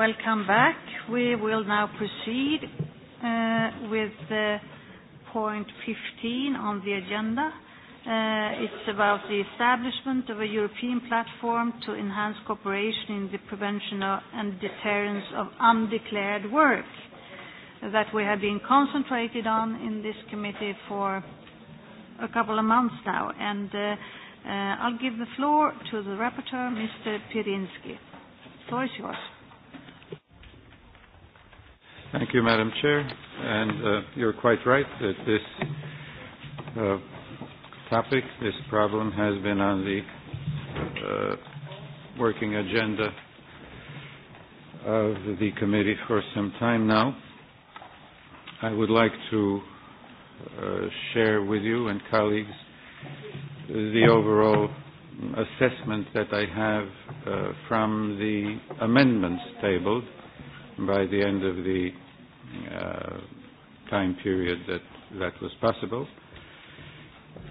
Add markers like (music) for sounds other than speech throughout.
Welcome back. We will now proceed uh, with the point 15 on the agenda. Uh, it's about the establishment of a European platform to enhance cooperation in the prevention of, and deterrence of undeclared work that we have been concentrated on in this committee for a couple of months now. And uh, uh I'll give the floor to the rapporteur, Mr. Pirinski. The floor is yours. Thank you, Madam Chair. And uh, you're quite right that this uh, topic, this problem, has been on the uh, working agenda of the committee for some time now. I would like to uh, share with you and colleagues the overall assessment that I have uh, from the amendments tabled by the end of the uh, time period that that was possible.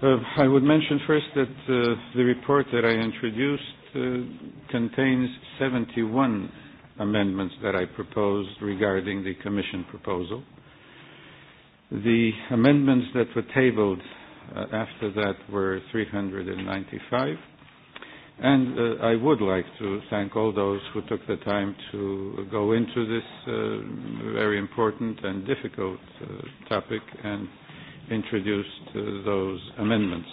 Uh, I would mention first that uh, the report that I introduced uh, contains 71 amendments that I proposed regarding the Commission proposal. The amendments that were tabled uh, after that were 395 And uh, I would like to thank all those who took the time to go into this uh, very important and difficult uh, topic and introduced uh, those amendments.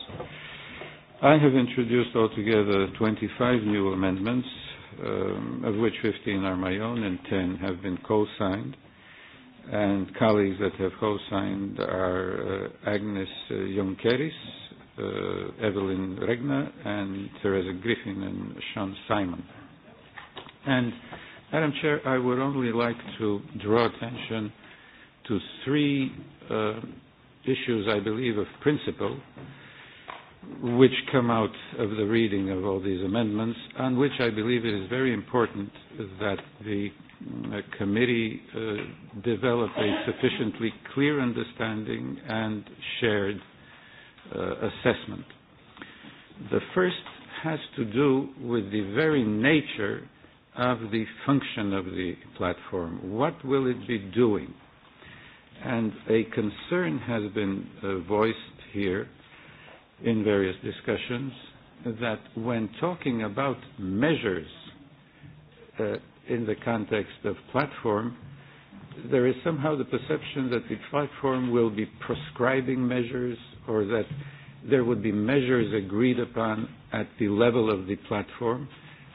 I have introduced altogether 25 new amendments, um, of which 15 are my own and 10 have been co-signed. And colleagues that have co-signed are uh, Agnes uh, Junkeris, uh, Evelyn Regner and Teresa Griffin and Sean Simon. And Madam Chair, I would only like to draw attention to three uh, issues I believe of principle which come out of the reading of all these amendments and which I believe it is very important that the uh, committee uh, develop a sufficiently clear understanding and shared uh, assessment. The first has to do with the very nature of the function of the platform. What will it be doing? And a concern has been uh, voiced here in various discussions that when talking about measures uh, in the context of platform, there is somehow the perception that the platform will be prescribing measures, or that there would be measures agreed upon at the level of the platform.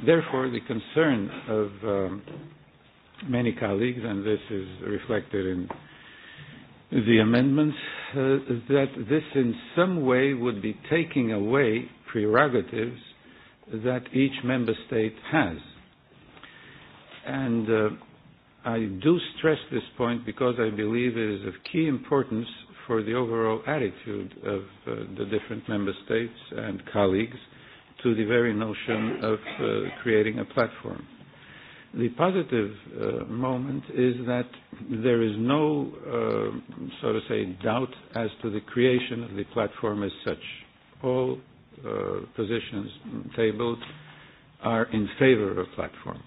Therefore, the concern of um, many colleagues, and this is reflected in the amendments, uh, that this in some way would be taking away prerogatives that each member state has. And uh, I do stress this point because I believe it is of key importance for the overall attitude of uh, the different member states and colleagues to the very notion of uh, creating a platform. The positive uh, moment is that there is no, uh, so to say, doubt as to the creation of the platform as such. All uh, positions tabled are in favor of platform.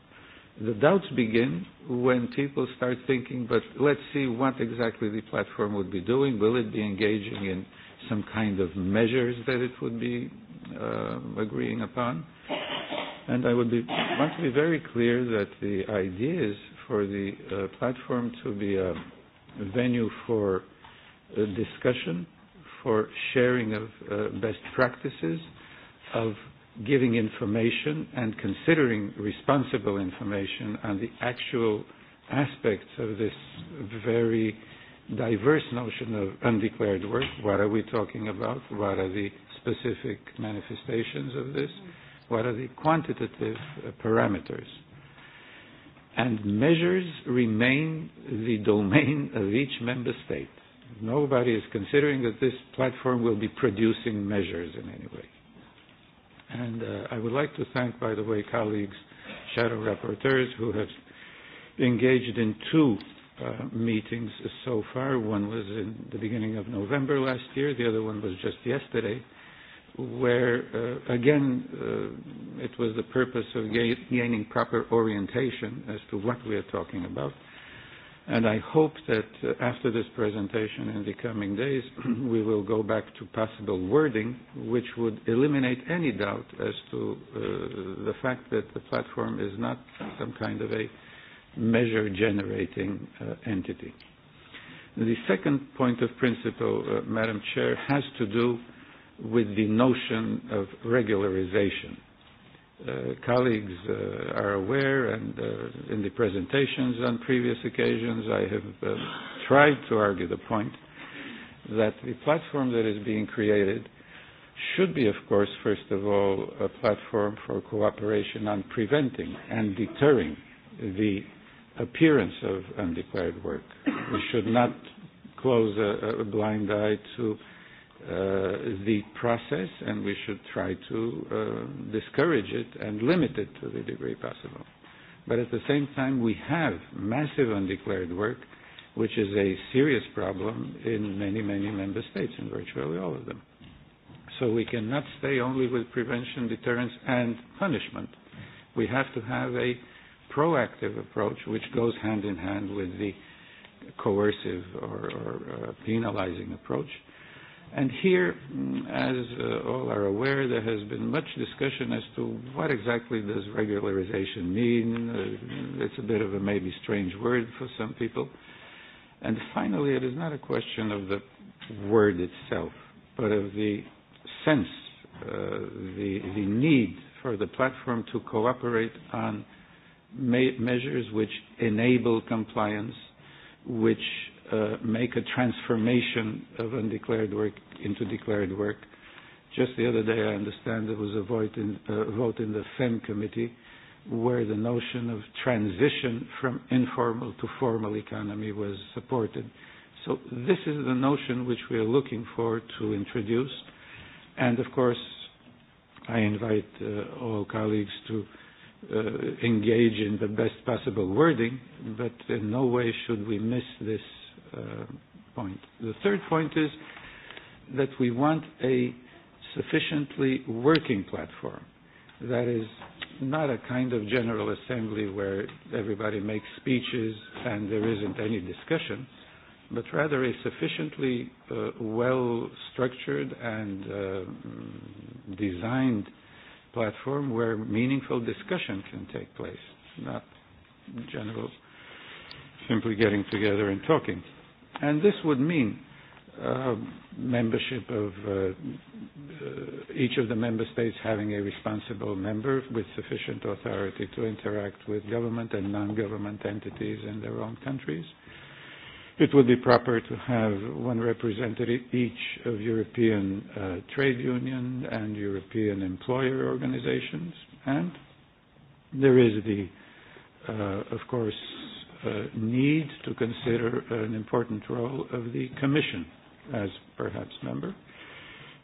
The doubts begin when people start thinking, but let's see what exactly the platform would be doing. Will it be engaging in some kind of measures that it would be uh, agreeing upon? And I would be, want to be very clear that the idea is for the uh, platform to be a venue for uh, discussion, for sharing of uh, best practices, of giving information and considering responsible information and the actual aspects of this very diverse notion of undeclared work. What are we talking about? What are the specific manifestations of this? What are the quantitative uh, parameters? And measures remain the domain of each member state. Nobody is considering that this platform will be producing measures in any way. And uh, I would like to thank, by the way, colleagues, shadow rapporteurs who have engaged in two uh, meetings so far. One was in the beginning of November last year. The other one was just yesterday, where, uh, again, uh, it was the purpose of ga gaining proper orientation as to what we are talking about. Uh, And I hope that uh, after this presentation in the coming days, (clears throat) we will go back to possible wording, which would eliminate any doubt as to uh, the fact that the platform is not some kind of a measure-generating uh, entity. The second point of principle, uh, Madam Chair, has to do with the notion of regularization uh, colleagues uh, are aware, and uh, in the presentations on previous occasions, I have uh, tried to argue the point that the platform that is being created should be, of course, first of all, a platform for cooperation on preventing and deterring the appearance of undeclared work. We should not close a, a blind eye to uh, uh, the process, and we should try to uh, discourage it and limit it to the degree possible. But at the same time, we have massive undeclared work, which is a serious problem in many, many member states, in virtually all of them. So we cannot stay only with prevention, deterrence, and punishment. We have to have a proactive approach which goes hand in hand with the coercive or, or uh, penalizing approach uh, And here, mm, as uh, all are aware, there has been much discussion as to what exactly does regularization mean. Uh, it's a bit of a maybe strange word for some people. And finally, it is not a question of the word itself, but of the sense, uh, the, the need for the platform to cooperate on me- measures which enable compliance, which uh, make a transformation of undeclared work into declared work. Just the other day, I understand there was a vote in, uh, vote in the FEM committee where the notion of transition from informal to formal economy was supported. So this is the notion which we are looking for to introduce. And of course, I invite uh, all colleagues to uh, engage in the best possible wording, but in no way should we miss this Uh, point. The third point is that we want a sufficiently working platform that is not a kind of general assembly where everybody makes speeches and there isn't any discussion, but rather a sufficiently uh, well structured and uh, mm, designed platform where meaningful discussion can take place, not general simply getting together and talking. And this would mean uh, membership of uh, uh, each of the member states having a responsible member with sufficient authority to interact with government and non-government entities in their own countries. It would be proper to have one representative each of European uh, trade union and European employer organizations. And there is the, uh, of course, uh, need to consider an important role of the Commission as perhaps member.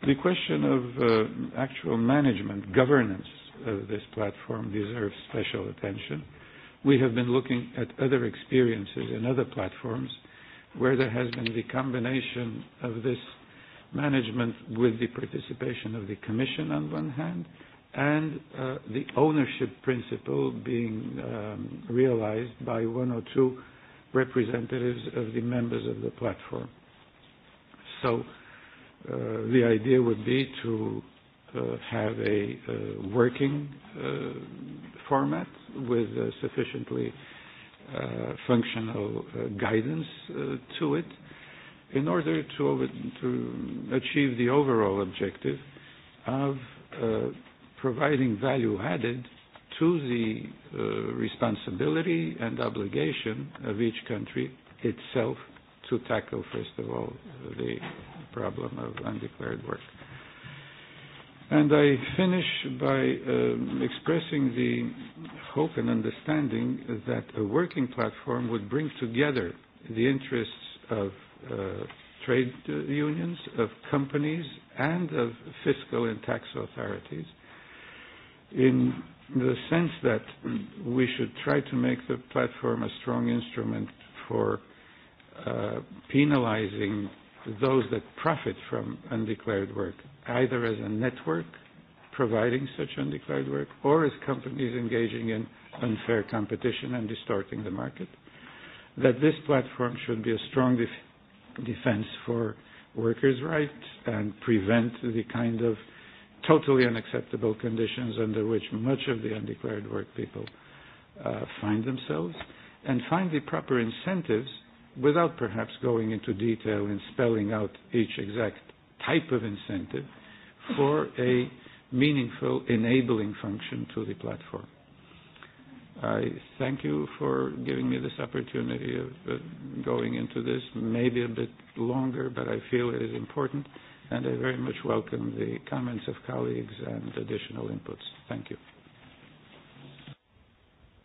The question of uh, actual management, governance of this platform deserves special attention. We have been looking at other experiences in other platforms where there has been the combination of this management with the participation of the Commission on one hand, and uh, the ownership principle being um, realized by one or two representatives of the members of the platform. So uh, the idea would be to uh, have a uh, working uh, format with uh, sufficiently uh, functional uh, guidance uh, to it in order to, over- to achieve the overall objective of uh, providing value added to the uh, responsibility and obligation of each country itself to tackle, first of all, the problem of undeclared work. And I finish by um, expressing the hope and understanding that a working platform would bring together the interests of uh, trade unions, of companies, and of fiscal and tax authorities – in the sense that we should try to make the platform a strong instrument for uh, penalizing those that profit from undeclared work, either as a network providing such undeclared work or as companies engaging in unfair competition and distorting the market, that this platform should be a strong def- defense for workers' rights and prevent the kind of totally unacceptable conditions under which much of the undeclared work people uh, find themselves, and find the proper incentives without perhaps going into detail and spelling out each exact type of incentive for a meaningful enabling function to the platform. I thank you for giving me this opportunity of uh, going into this, maybe a bit longer, but I feel it is important. Uh, and I very much welcome the comments of colleagues and additional inputs. Thank you.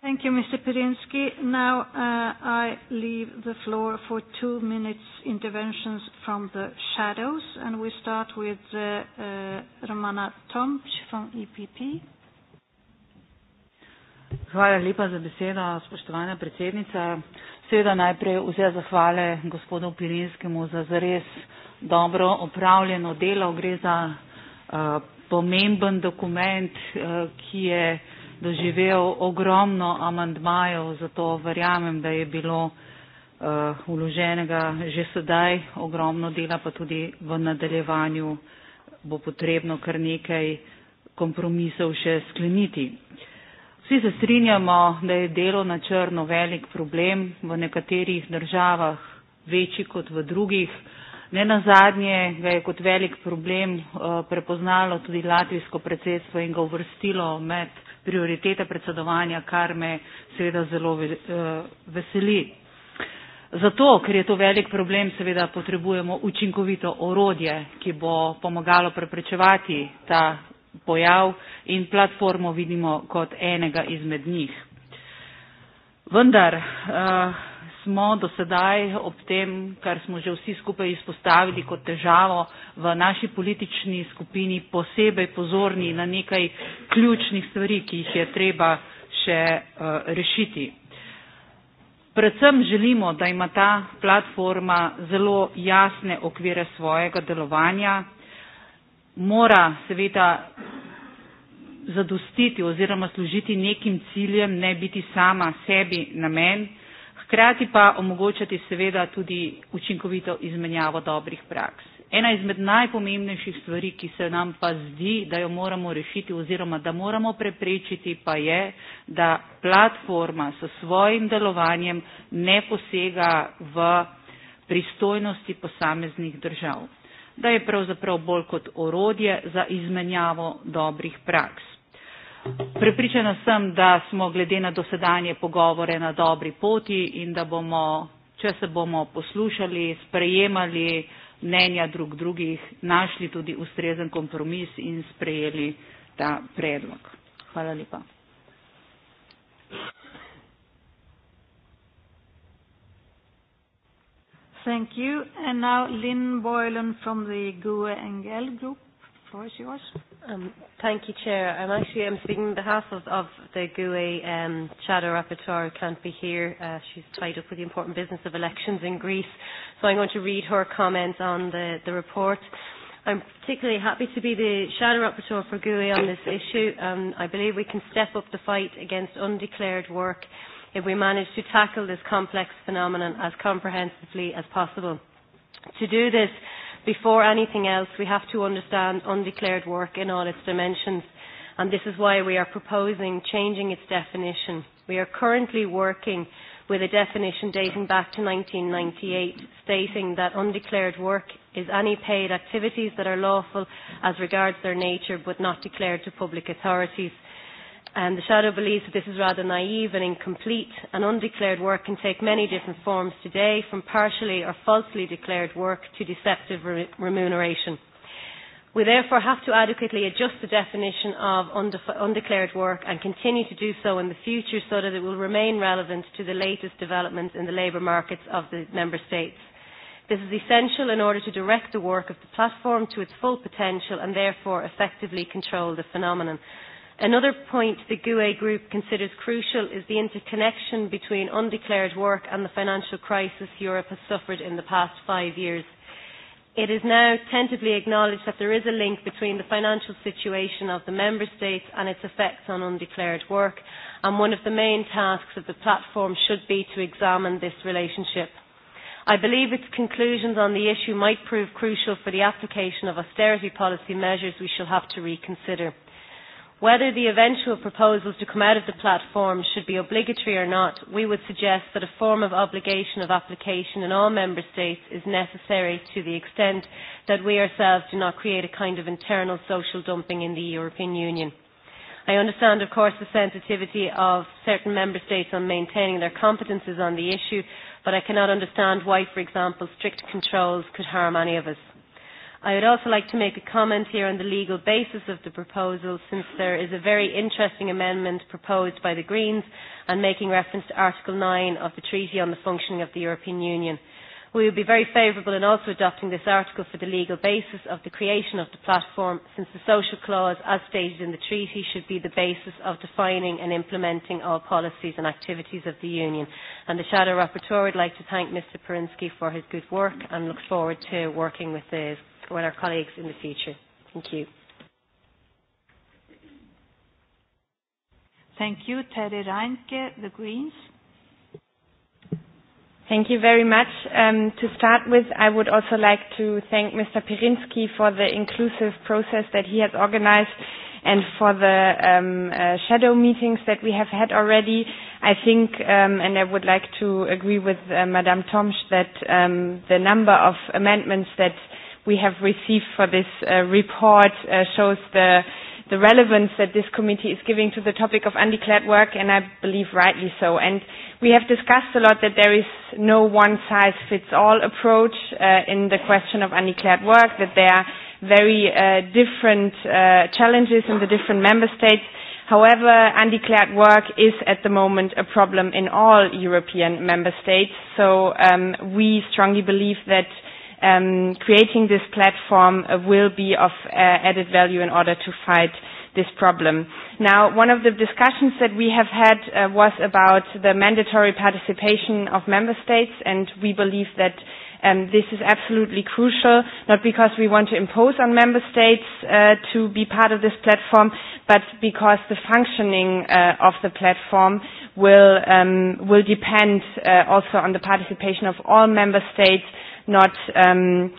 Thank you, Mr. Pirinski. Now, uh, I leave the floor for two minutes interventions from the shadows, and we start with uh, uh, Romana Tomč from EPP. Hvala lepa za besedo, spoštovana predsednica. Seveda najprej vse zahvale gospodu Pirinskemu za zares dobro opravljeno delo. Gre za uh, pomemben dokument, uh, ki je doživel ogromno amandmajev, zato verjamem, da je bilo uh, eh, uloženega že sedaj ogromno dela, pa tudi v nadaljevanju bo potrebno kar nekaj kompromisov še skleniti. Vsi se strinjamo, da je delo na črno velik problem, v nekaterih državah večji kot v drugih, Ne nazadnje ga je kot velik problem eh, prepoznalo tudi latvijsko predsedstvo in ga uvrstilo med prioritete predsedovanja, kar me seveda zelo eh, veseli. Zato, ker je to velik problem, seveda potrebujemo učinkovito orodje, ki bo pomagalo preprečevati ta pojav in platformo vidimo kot enega izmed njih. Vendar eh, smo do sedaj ob tem, kar smo že vsi skupaj izpostavili kot težavo v naši politični skupini, posebej pozorni na nekaj ključnih stvari, ki jih je treba še uh, rešiti. Predvsem želimo, da ima ta platforma zelo jasne okvire svojega delovanja, mora seveda zadostiti oziroma služiti nekim ciljem, ne biti sama sebi namen, hkrati pa omogočati seveda tudi učinkovito izmenjavo dobrih praks. Ena izmed najpomembnejših stvari, ki se nam pa zdi, da jo moramo rešiti oziroma da moramo preprečiti, pa je, da platforma s svojim delovanjem ne posega v pristojnosti posameznih držav, da je pravzaprav bolj kot orodje za izmenjavo dobrih praks. Prepričana sem, da smo glede na dosedanje pogovore na dobri poti in da bomo, če se bomo poslušali, sprejemali mnenja drug drugih, našli tudi ustrezen kompromis in sprejeli ta predlog. Hvala lepa. Thank you. And now Lynn Boylan from the GUE NGL Group floor is yours. Um, thank you, Chair. I'm actually I'm speaking on behalf of, of the GUE um, shadow rapporteur who can't be here. Uh, she's tied up with the important business of elections in Greece. So I'm going to read her comments on the, the report. I'm particularly happy to be the shadow rapporteur for GUE on this issue. Um, I believe we can step up the fight against undeclared work if we manage to tackle this complex phenomenon as comprehensively as possible. To do this, before anything else, we have to understand undeclared work in all its dimensions, and this is why we are proposing changing its definition. We are currently working with a definition dating back to 1998 stating that undeclared work is any paid activities that are lawful as regards their nature but not declared to public authorities. And the shadow believes that this is rather naive and incomplete, and undeclared work can take many different forms today, from partially or falsely declared work to deceptive re- remuneration. We therefore have to adequately adjust the definition of undef- undeclared work and continue to do so in the future so that it will remain relevant to the latest developments in the labour markets of the Member States. This is essential in order to direct the work of the platform to its full potential and therefore effectively control the phenomenon. Another point the GUE group considers crucial is the interconnection between undeclared work and the financial crisis Europe has suffered in the past five years. It is now tentatively acknowledged that there is a link between the financial situation of the Member States and its effects on undeclared work, and one of the main tasks of the platform should be to examine this relationship. I believe its conclusions on the issue might prove crucial for the application of austerity policy measures we shall have to reconsider. Whether the eventual proposals to come out of the platform should be obligatory or not, we would suggest that a form of obligation of application in all Member States is necessary to the extent that we ourselves do not create a kind of internal social dumping in the European Union. I understand, of course, the sensitivity of certain Member States on maintaining their competences on the issue, but I cannot understand why, for example, strict controls could harm any of us. I would also like to make a comment here on the legal basis of the proposal, since there is a very interesting amendment proposed by the Greens and making reference to Article 9 of the Treaty on the Functioning of the European Union. We would be very favourable in also adopting this article for the legal basis of the creation of the platform, since the social clause, as stated in the treaty, should be the basis of defining and implementing all policies and activities of the Union. And the Shadow Rapporteur would like to thank Mr Perinsky for his good work and looks forward to working with the with our colleagues in the future. Thank you. Thank you. Terje Reinke, The Greens. Thank you very much. Um, to start with, I would also like to thank Mr. Pirinsky for the inclusive process that he has organized and for the um, uh, shadow meetings that we have had already. I think, um, and I would like to agree with uh, Madame Tomsch, that um, the number of amendments that uh, we have received for this uh, report uh, shows the the relevance that this committee is giving to the topic of undeclared work, and I believe rightly so. And we have discussed a lot that there is no one-size-fits-all approach uh, in the question of undeclared work, that there are very uh, different uh, challenges in the different member states. However, undeclared work is at the moment a problem in all European member states, so um, we strongly believe that uh, um, creating this platform uh, will be of uh, added value in order to fight this problem. Now, one of the discussions that we have had uh, was about the mandatory participation of member states, and we believe that um, this is absolutely crucial, not because we want to impose on member states uh, to be part of this platform, but because the functioning uh, of the platform will, um, will depend uh, also on the participation of all member states not um,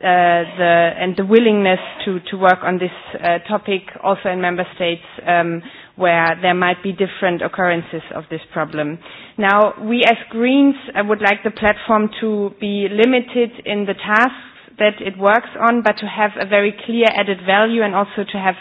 uh, the and the willingness to to work on this uh, topic also in member states um, where there might be different occurrences of this problem. Now, we as Greens uh, would like the platform to be limited in the tasks that it works on, but to have a very clear added value and also to have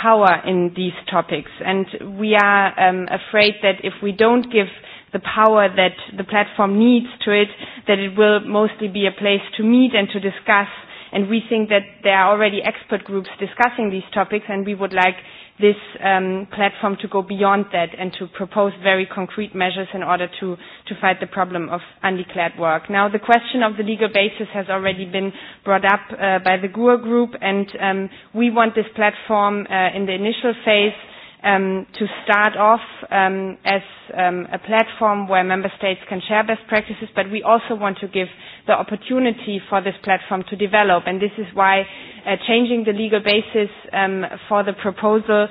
power in these topics. And we are um, afraid that if we don't give the power that the platform needs to it, that it will mostly be a place to meet and to discuss. And we think that there are already expert groups discussing these topics, and we would like this um, platform to go beyond that and to propose very concrete measures in order to, to fight the problem of undeclared work. Now, the question of the legal basis has already been brought up uh, by the GUA group, and um, we want this platform uh, in the initial phase um, to start off um, as um, a platform where member states can share best practices, but we also want to give the opportunity for this platform to develop. And this is why uh, changing the legal basis um, for the proposal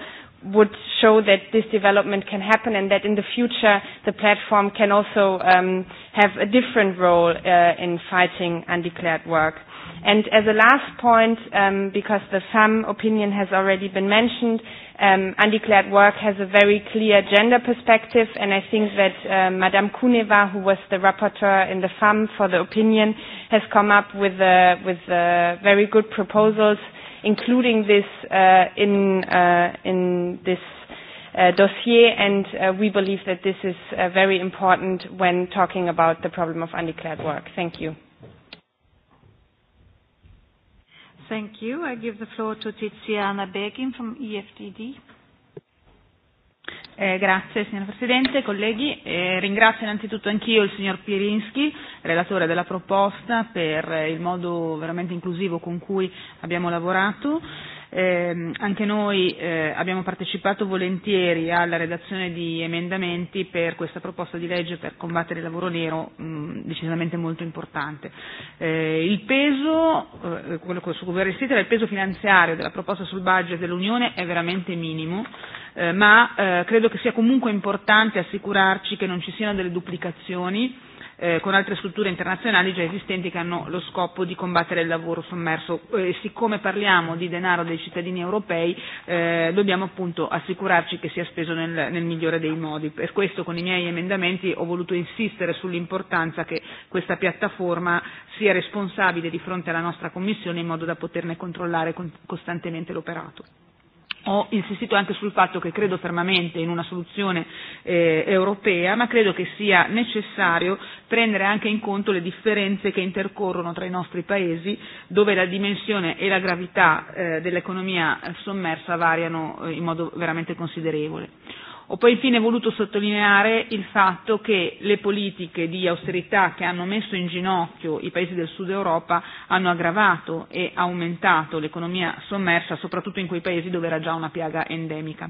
would show that this development can happen and that in the future the platform can also um, have a different role uh, in fighting undeclared work. And as a last point, um, because the FAM opinion has already been mentioned, um, undeclared work has a very clear gender perspective, and I think that uh, Madame Kuneva, who was the rapporteur in the FAM for the opinion, has come up with, uh, with uh, very good proposals, including this uh, in, uh, in this uh, dossier, and uh, we believe that this is uh, very important when talking about the problem of undeclared work. Thank you. Thank you. I give the floor to Tiziana Beghin from EFTD. Eh, grazie signor Presidente, colleghi. Eh, ringrazio innanzitutto anch'io il signor Pirinski, relatore della proposta, per il modo veramente inclusivo con cui abbiamo lavorato. Eh, anche noi eh, abbiamo partecipato volentieri alla redazione di emendamenti per questa proposta di legge per combattere il lavoro nero, mh, mm, decisamente molto importante. Eh, il peso, eh, quello su cui resistere, il peso finanziario della proposta sul budget dell'Unione è veramente minimo. Eh, ma eh, credo che sia comunque importante assicurarci che non ci siano delle duplicazioni eh, con altre strutture internazionali già esistenti che hanno lo scopo di combattere il lavoro sommerso. Eh, e siccome parliamo di denaro dei cittadini europei eh, dobbiamo appunto assicurarci che sia speso nel, nel migliore dei modi. Per questo con i miei emendamenti ho voluto insistere sull'importanza che questa piattaforma sia responsabile di fronte alla nostra Commissione in modo da poterne controllare con, costantemente l'operato ho insistito anche sul fatto che credo fermamente in una soluzione eh, europea, ma credo che sia necessario prendere anche in conto le differenze che intercorrono tra i nostri paesi, dove la dimensione e la gravità eh, dell'economia sommersa variano eh, in modo veramente considerevole. Ho poi infine voluto sottolineare il fatto che le politiche di austerità che hanno messo in ginocchio i paesi del sud Europa hanno aggravato e aumentato l'economia sommersa, soprattutto in quei paesi dove era già una piaga endemica.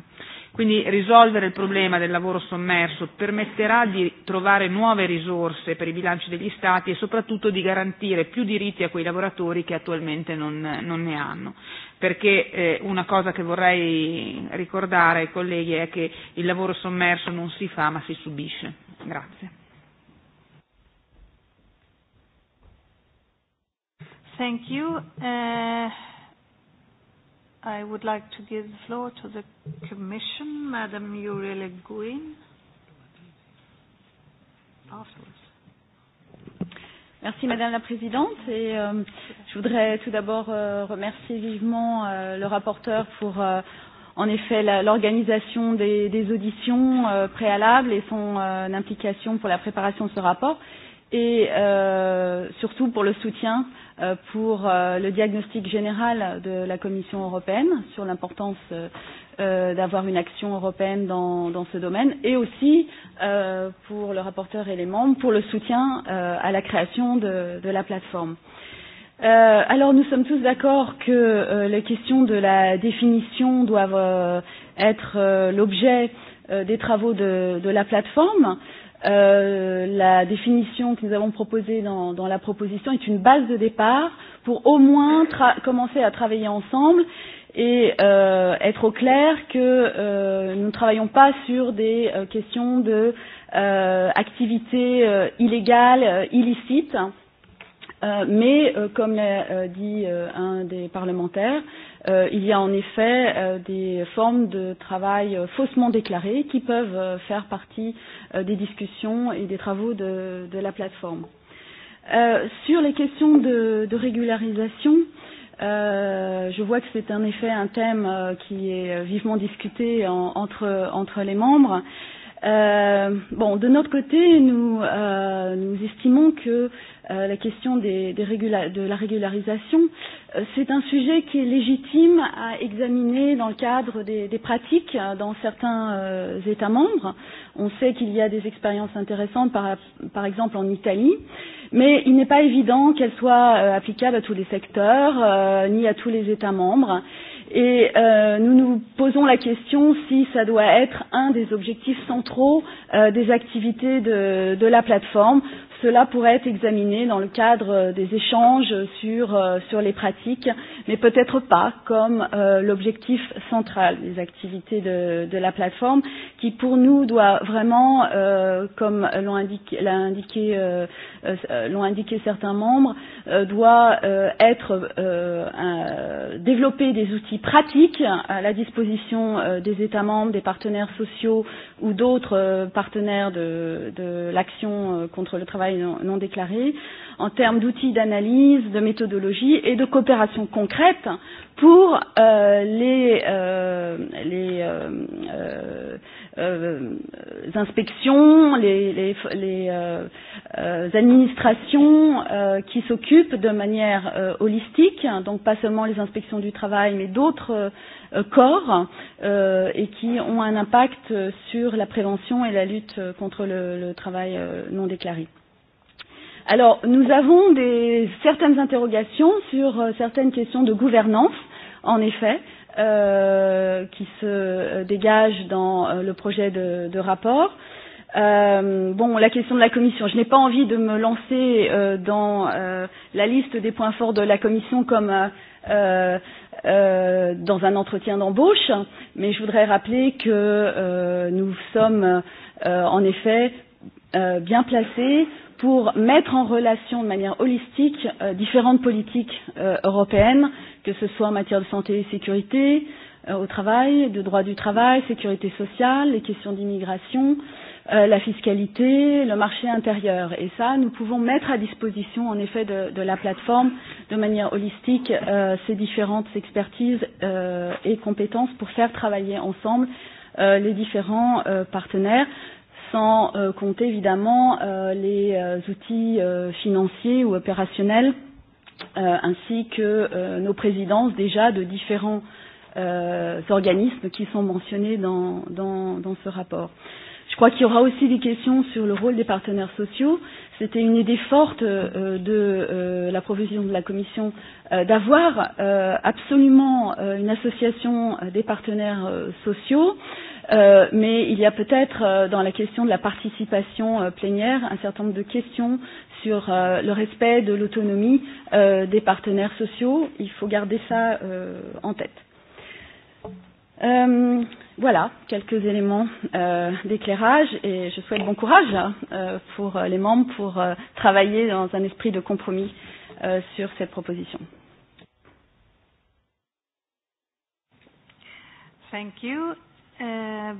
Quindi risolvere il problema del lavoro sommerso permetterà di trovare nuove risorse per i bilanci degli Stati e soprattutto di garantire più diritti a quei lavoratori che attualmente non, non ne hanno perché eh, una cosa che vorrei ricordare ai colleghi è che il lavoro sommerso non si fa ma si subisce. Grazie. Thank you. Uh, I would like to give the floor to the Commission, Madam Muriel Le Guin. Afterwards. Merci Madame la Présidente et euh, je voudrais tout d'abord euh, remercier vivement euh, le rapporteur pour euh, en effet l'organisation des, des auditions euh, préalables et son euh, implication pour la préparation de ce rapport et euh, surtout pour le soutien euh, pour euh, le diagnostic général de la Commission européenne sur l'importance euh, euh, d'avoir une action européenne dans, dans ce domaine et aussi euh, pour le rapporteur et les membres pour le soutien euh, à la création de, de la plateforme. Euh, alors nous sommes tous d'accord que euh, les questions de la définition doivent euh, être euh, l'objet euh, des travaux de, de la plateforme. Euh, la définition que nous avons proposée dans, dans la proposition est une base de départ pour au moins commencer à travailler ensemble et euh, être au clair que euh, nous ne travaillons pas sur des euh, questions de euh, activités euh, illégales, euh, illicites, euh, mais euh, comme l'a euh, dit euh, un des parlementaires, euh, il y a en effet euh, des formes de travail euh, faussement déclarées qui peuvent euh, faire partie euh, des discussions et des travaux de, de la plateforme. Euh, sur les questions de, de régularisation, euh, Euh, je vois que c'est en effet un thème euh, qui est vivement discuté en, entre, entre les membres. Euh, Euh, bon, de notre côté, nous, euh, nous estimons que euh, la question des, des régula de la régularisation, euh, c'est un sujet qui est légitime à examiner dans le cadre des, des pratiques euh, dans certains euh, États membres. On sait qu'il y a des expériences intéressantes, par, par exemple en Italie, mais il n'est pas évident qu'elles soient euh, applicables à tous les secteurs euh, ni à tous les États membres. Euh, Et euh, nous nous posons la question si ça doit être un des objectifs centraux euh, des activités de, de la plateforme, cela pourrait être examiné dans le cadre des échanges sur, euh, sur les pratiques, mais peut-être pas comme euh, l'objectif central des activités de, de la plateforme, qui pour nous doit vraiment, euh, comme l'ont indiqué, indiqué, euh, euh, indiqué certains membres, euh, doit euh, être euh, un, développer des outils pratiques à la disposition euh, des États membres, des partenaires sociaux ou d'autres euh, partenaires de, de l'action euh, contre le travail travail non, non déclaré, en termes d'outils d'analyse, de méthodologie et de coopération concrète pour euh, les, euh, les euh, euh, euh, inspections, les, les, les euh, euh, administrations euh, qui s'occupent de manière euh, holistique, donc pas seulement les inspections du travail, mais d'autres euh, corps euh, et qui ont un impact sur la prévention et la lutte euh, contre le, le travail euh, non déclaré. Euh, Alors, nous avons des, certaines interrogations sur euh, certaines questions de gouvernance, en effet, euh, qui se euh, dégagent dans euh, le projet de, de rapport. Euh, bon, la question de la Commission. Je n'ai pas envie de me lancer euh, dans euh, la liste des points forts de la Commission comme euh, euh, dans un entretien d'embauche, mais je voudrais rappeler que euh, nous sommes euh, en effet euh, bien placés euh, pour mettre en relation de manière holistique euh, différentes politiques euh, européennes, que ce soit en matière de santé et sécurité, euh, au travail, de droit du travail, sécurité sociale, les questions d'immigration, euh, la fiscalité, le marché intérieur. Et ça, nous pouvons mettre à disposition, en effet, de, de la plateforme, de manière holistique, euh, ces différentes expertises euh, et compétences pour faire travailler ensemble euh, les différents euh, partenaires sans euh, compter évidemment euh, les euh, outils euh, financiers ou opérationnels, euh, ainsi que euh, nos présidences déjà de différents euh, organismes qui sont mentionnés dans, dans, dans ce rapport. Je crois qu'il y aura aussi des questions sur le rôle des partenaires sociaux. C'était une idée forte euh, de euh, la provision de la Commission euh, d'avoir euh, absolument euh, une association euh, des partenaires euh, sociaux. Euh, Euh, mais il y a peut-être euh, dans la question de la participation euh, plénière un certain nombre de questions sur euh, le respect de l'autonomie euh, des partenaires sociaux. Il faut garder ça euh, en tête. Euh, voilà quelques éléments euh, d'éclairage et je souhaite bon courage euh, pour euh, les membres pour euh, travailler dans un esprit de compromis euh, sur cette proposition. Thank you. Eh,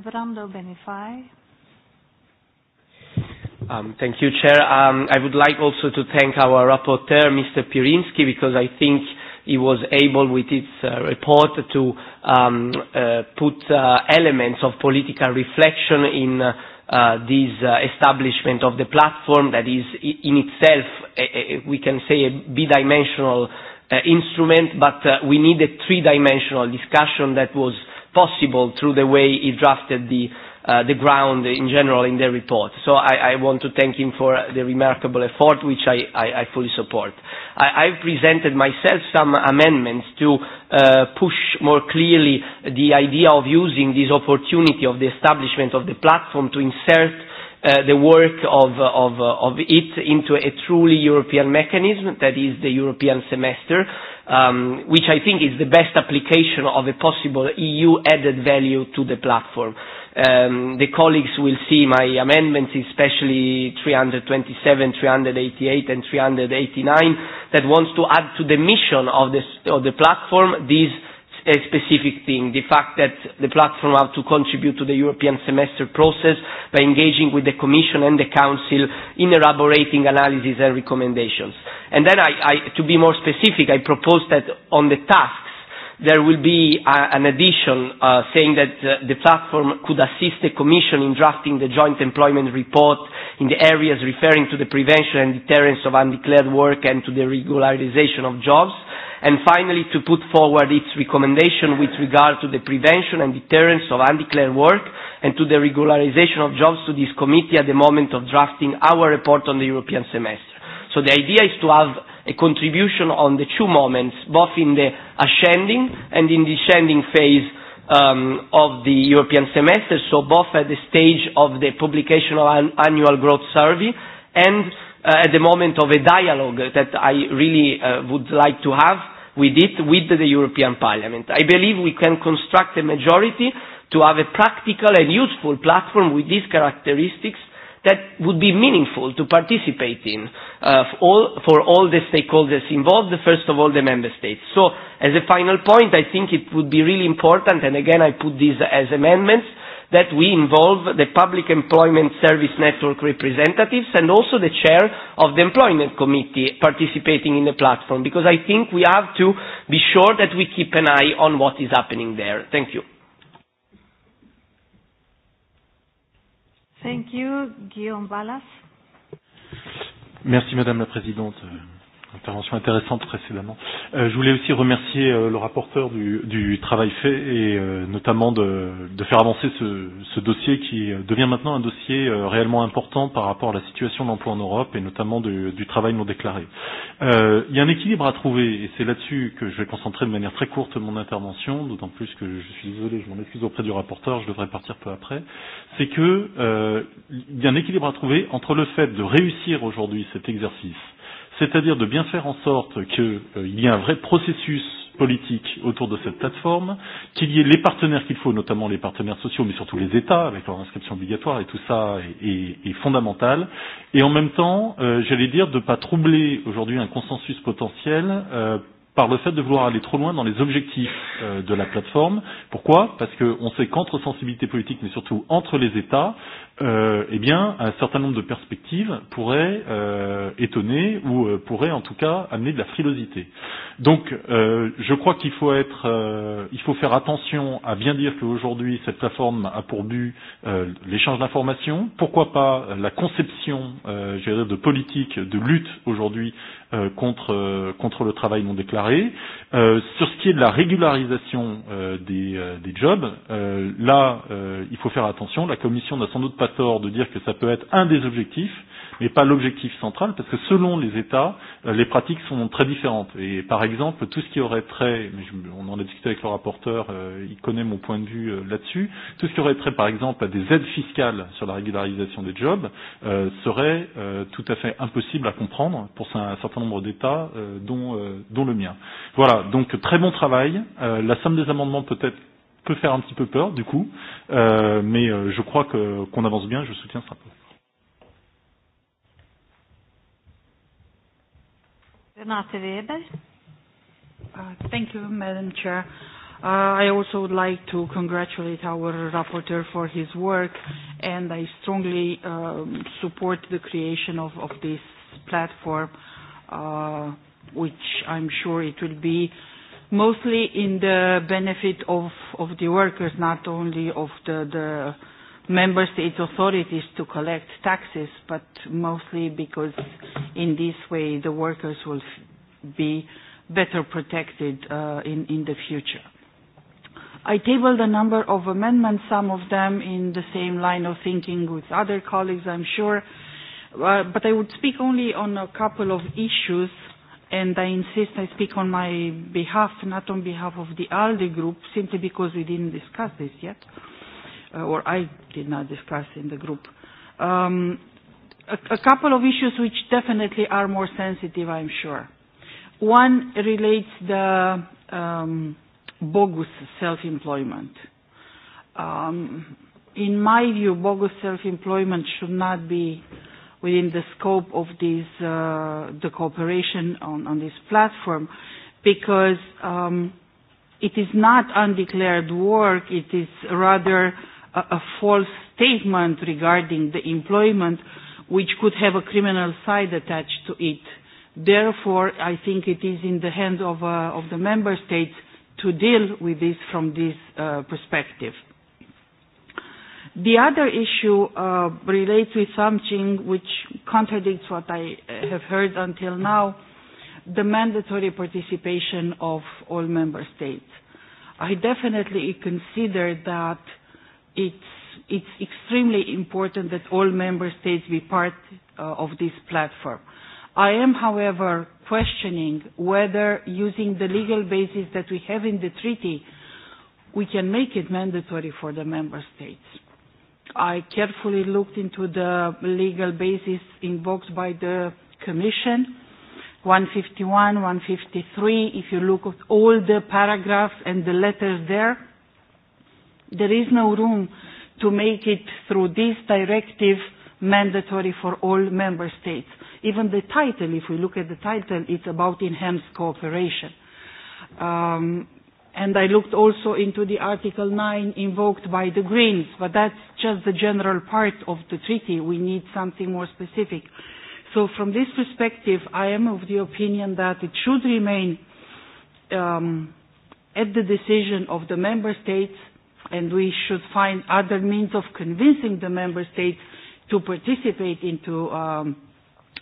Brando Benifai. Um, thank you, Chair. Um, I would like also to thank our rapporteur, Mr. Pirinsky, because I think he was able, with its uh, report, to um, uh, put uh, elements of political reflection in uh, uh, this uh, establishment of the platform that is in itself, a, a, we can say, a bidimensional uh, instrument, but uh, we need a three-dimensional discussion that was uh, possible through the way he drafted the, uh, the ground in general in the report. So I, I want to thank him for the remarkable effort, which I, I, I fully support. I, I've presented myself some amendments to uh, push more clearly the idea of using this opportunity of the establishment of the platform to insert uh, the work of, uh, of, uh, of it into a truly European mechanism, that is the European semester, um, which I think is the best application of a possible EU added value to the platform. Um, the colleagues will see my amendments, especially 327, 388 and 389, that wants to add to the mission of, this, of the platform these a specific thing. The fact that the platform have to contribute to the European semester process by engaging with the Commission and the Council in elaborating analysis and recommendations. And then I, I, to be more specific, I propose that on the task there will be uh, an addition uh, saying that uh, the platform could assist the Commission in drafting the joint employment report in the areas referring to the prevention and deterrence of undeclared work and to the regularization of jobs. And finally, to put forward its recommendation with regard to the prevention and deterrence of undeclared work and to the regularization of jobs to this committee at the moment of drafting our report on the European semester. So the idea is to have a contribution on the two moments, both in the ascending and in descending phase um, of the European semester, so both at the stage of the publication of an annual growth survey and uh, at the moment of a dialogue that I really uh, would like to have with it, with the European Parliament. I believe we can construct a majority to have a practical and useful platform with these characteristics that would be meaningful to participate in uh, for, all, for all the stakeholders involved, first of all the member states. So as a final point, I think it would be really important, and again I put these as amendments, that we involve the Public Employment Service Network representatives and also the chair of the Employment Committee participating in the platform, because I think we have to be sure that we keep an eye on what is happening there. Thank you. Thank you, Guillaume Ballas. Merci Madame la Présidente intervention intéressante précédemment. Euh, je voulais aussi remercier euh, le rapporteur du, du travail fait et euh, notamment de, de faire avancer ce, ce dossier qui euh, devient maintenant un dossier euh, réellement important par rapport à la situation de l'emploi en Europe et notamment du, du travail non déclaré. Euh, il y a un équilibre à trouver et c'est là-dessus que je vais concentrer de manière très courte mon intervention, d'autant plus que je suis désolé, je m'en excuse auprès du rapporteur, je devrais partir peu après. C'est que euh, il y a un équilibre à trouver entre le fait de réussir aujourd'hui cet exercice c'est-à-dire de bien faire en sorte qu'il euh, y ait un vrai processus politique autour de cette plateforme, qu'il y ait les partenaires qu'il faut, notamment les partenaires sociaux, mais surtout les États avec leur inscription obligatoire et tout ça est, est, est fondamental. Et en même temps, euh, j'allais dire de ne pas troubler aujourd'hui un consensus potentiel euh, par le fait de vouloir aller trop loin dans les objectifs euh, de la plateforme. Pourquoi Parce qu'on sait qu'entre sensibilités politiques, mais surtout entre les États, euh, eh bien, un certain nombre de perspectives pourraient euh, étonner ou euh, pourraient en tout cas amener de la frilosité. Donc, euh, je crois qu'il faut être, euh, il faut faire attention à bien dire qu'aujourd'hui cette plateforme a pour but euh, l'échange d'informations. Pourquoi pas la conception, euh, je dirais, de politique de lutte aujourd'hui euh, contre euh, contre le travail non déclaré. Euh, sur ce qui est de la régularisation euh, des euh, des jobs, euh, là, euh, il faut faire attention. La Commission n'a sans doute pas pas tort de dire que ça peut être un des objectifs, mais pas l'objectif central, parce que selon les États, euh, les pratiques sont très différentes. Et par exemple, tout ce qui aurait trait, mais je, on en a discuté avec le rapporteur, euh, il connaît mon point de vue euh, là-dessus, tout ce qui aurait trait par exemple à des aides fiscales sur la régularisation des jobs euh, serait euh, tout à fait impossible à comprendre pour un certain nombre d'États, euh, dont, euh, dont le mien. Voilà, donc très bon travail. Euh, la somme des amendements peut être peut faire un petit peu peur du coup, euh, mais euh, je crois que qu'on avance bien, je soutiens ce rapport. Renate Weber. Uh, thank you, Madam Chair. Uh, I also would like to congratulate our rapporteur for his work, and I strongly um, support the creation of, of this platform, uh, which I'm sure it will be uh, mostly in the benefit of, of the workers, not only of the, the member states authorities to collect taxes, but mostly because in this way the workers will be better protected uh, in, in the future. I tabled a number of amendments, some of them in the same line of thinking with other colleagues, I'm sure, uh, but I would speak only on a couple of issues and I insist I speak on my behalf, not on behalf of the ALDE group, simply because we didn't discuss this yet, uh, or I did not discuss in the group. Um, a, a couple of issues which definitely are more sensitive, I'm sure. One relates the um, bogus self-employment. Um, in my view, bogus self-employment should not be uh, within the scope of this, uh, the cooperation on, on this platform because um, it is not undeclared work, it is rather a, a false statement regarding the employment which could have a criminal side attached to it. Therefore, I think it is in the hands of, uh, of the member states to deal with this from this uh, perspective. The other issue uh, relates with something which contradicts what I uh, have heard until now, the mandatory participation of all member states. I definitely consider that it's, it's extremely important that all member states be part uh, of this platform. I am, however, questioning whether using the legal basis that we have in the treaty, we can make it mandatory for the member states. I carefully looked into the legal basis invoked by the Commission, 151, 153. If you look at all the paragraphs and the letters there, there is no room to make it through this directive mandatory for all member states. Even the title, if we look at the title, it's about enhanced cooperation. Um, and I looked also into the Article 9 invoked by the Greens, but that's just the general part of the treaty. We need something more specific. So from this perspective, I am of the opinion that it should remain um, at the decision of the member states, and we should find other means of convincing the member states to participate into um,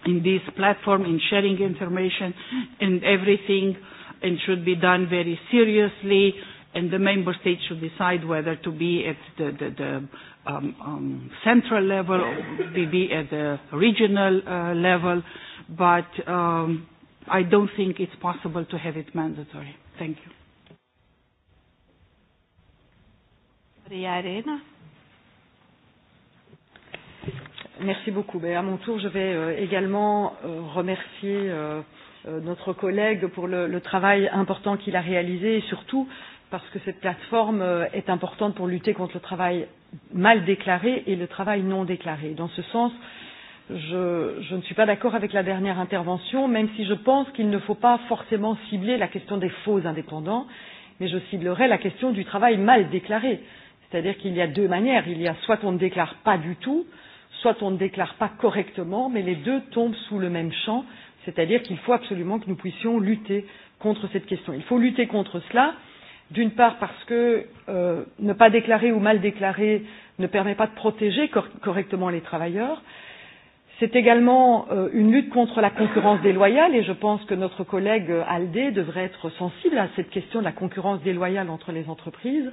in this platform, in sharing information and everything. Uh, and should be done very seriously, and the member states should decide whether to be at the, the, the um, um, central level or to be at the regional uh, level, but um, I don't think it's possible to have it mandatory. Thank you. Maria Arena. Merci beaucoup. Mais à mon tour, je vais euh, également euh, remercier euh, Euh, notre collègue pour le, le travail important qu'il a réalisé et surtout parce que cette plateforme euh, est importante pour lutter contre le travail mal déclaré et le travail non déclaré. Dans ce sens, je, je ne suis pas d'accord avec la dernière intervention, même si je pense qu'il ne faut pas forcément cibler la question des faux indépendants, mais je ciblerai la question du travail mal déclaré. C'est-à-dire qu'il y a deux manières. Il y a soit on ne déclare pas du tout, soit on ne déclare pas correctement, mais les deux tombent sous le même champ C'est-à-dire qu'il faut absolument que nous puissions lutter contre cette question. Il faut lutter contre cela, d'une part parce que euh, ne pas déclarer ou mal déclarer ne permet pas de protéger cor correctement les travailleurs. C'est également euh, une lutte contre la concurrence déloyale et je pense que notre collègue euh, Aldé devrait être sensible à cette question de la concurrence déloyale entre les entreprises.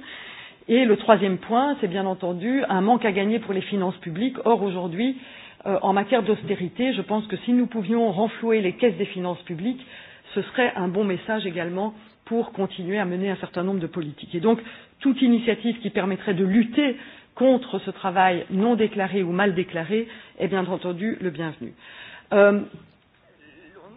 Et le troisième point, c'est bien entendu un manque à gagner pour les finances publiques. Or, aujourd'hui, euh, euh, en matière d'austérité. Je pense que si nous pouvions renflouer les caisses des finances publiques, ce serait un bon message également pour continuer à mener un certain nombre de politiques. Et donc, toute initiative qui permettrait de lutter contre ce travail non déclaré ou mal déclaré est bien entendu le bienvenu. Euh,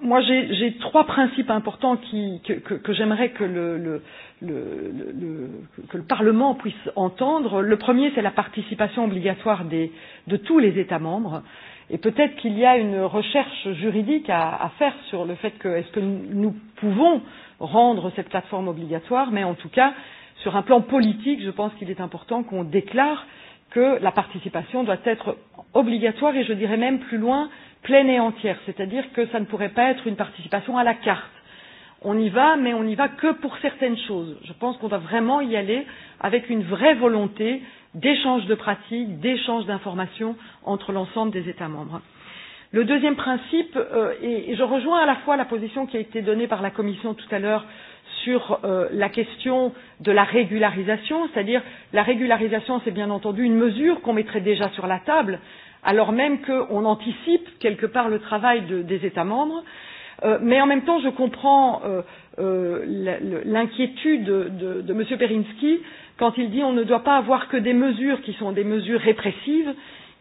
moi, j'ai trois principes importants qui, que, que, que j'aimerais que le, le, le, le, que le Parlement puisse entendre. Le premier, c'est la participation obligatoire des, de tous les États membres. Et peut-être qu'il y a une recherche juridique à, à faire sur le fait que est-ce que nous pouvons rendre cette plateforme obligatoire, mais en tout cas, sur un plan politique, je pense qu'il est important qu'on déclare que la participation doit être obligatoire et je dirais même plus loin pleine et entière, c'est-à-dire que ça ne pourrait pas être une participation à la carte. On y va, mais on n'y va que pour certaines choses. Je pense qu'on doit vraiment y aller avec une vraie volonté d'échange de pratiques, d'échange d'informations entre l'ensemble des États membres. Le deuxième principe, euh, et, et je rejoins à la fois la position qui a été donnée par la Commission tout à l'heure sur euh, la question de la régularisation, c'est-à-dire la régularisation, c'est bien entendu une mesure qu'on mettrait déjà sur la table, alors même qu'on anticipe quelque part le travail de, des États membres. Euh, mais en même temps, je comprends euh, euh, l'inquiétude de, de, de M. Perinsky quand il dit on ne doit pas avoir que des mesures qui sont des mesures répressives.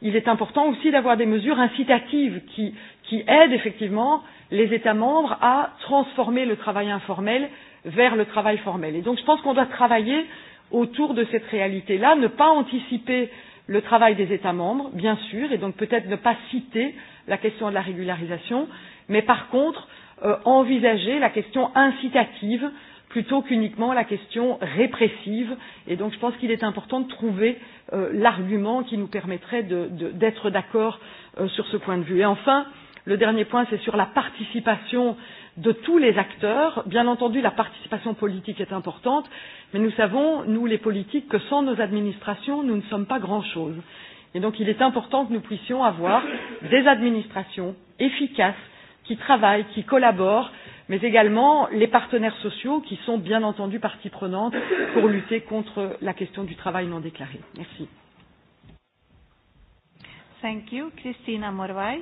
Il est important aussi d'avoir des mesures incitatives qui, qui aident effectivement les États membres à transformer le travail informel vers le travail formel. Et donc je pense qu'on doit travailler autour de cette réalité-là, ne pas anticiper euh, le travail des États membres, bien sûr, et donc peut-être ne pas citer la question de la régularisation, mais par contre euh, envisager la question incitative plutôt qu'uniquement la question répressive. Et donc je pense qu'il est important de trouver euh, l'argument qui nous permettrait d'être d'accord euh, sur ce point de vue. Et enfin, le dernier point, c'est sur la participation euh, de tous les acteurs. Bien entendu, la participation politique est importante, mais nous savons, nous les politiques, que sans nos administrations, nous ne sommes pas grand-chose. Et donc, il est important que nous puissions avoir des administrations efficaces qui travaillent, qui collaborent, mais également les partenaires sociaux qui sont bien entendu partie prenante pour lutter contre la question du travail non déclaré. Merci. Thank you. Christina Morvai.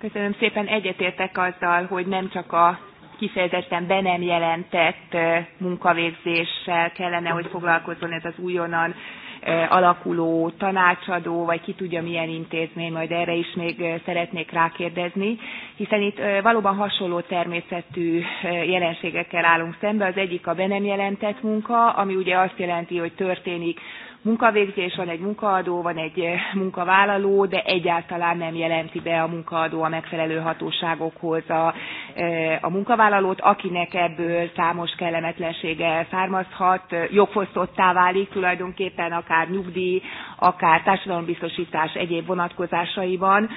Köszönöm szépen, egyetértek azzal, hogy nem csak a kifejezetten be nem jelentett munkavégzéssel kellene, hogy foglalkozzon ez az újonnan alakuló tanácsadó, vagy ki tudja milyen intézmény, majd erre is még szeretnék rákérdezni, hiszen itt valóban hasonló természetű jelenségekkel állunk szembe. Az egyik a be nem jelentett munka, ami ugye azt jelenti, hogy történik munkavégzés, van egy munkaadó, van egy eh, munkavállaló, de egyáltalán nem jelenti be a munkaadó a megfelelő hatóságokhoz a, eh, a munkavállalót, akinek ebből számos kellemetlensége származhat, eh, jogfosztottá válik tulajdonképpen akár nyugdíj, akár társadalombiztosítás egyéb vonatkozásaiban,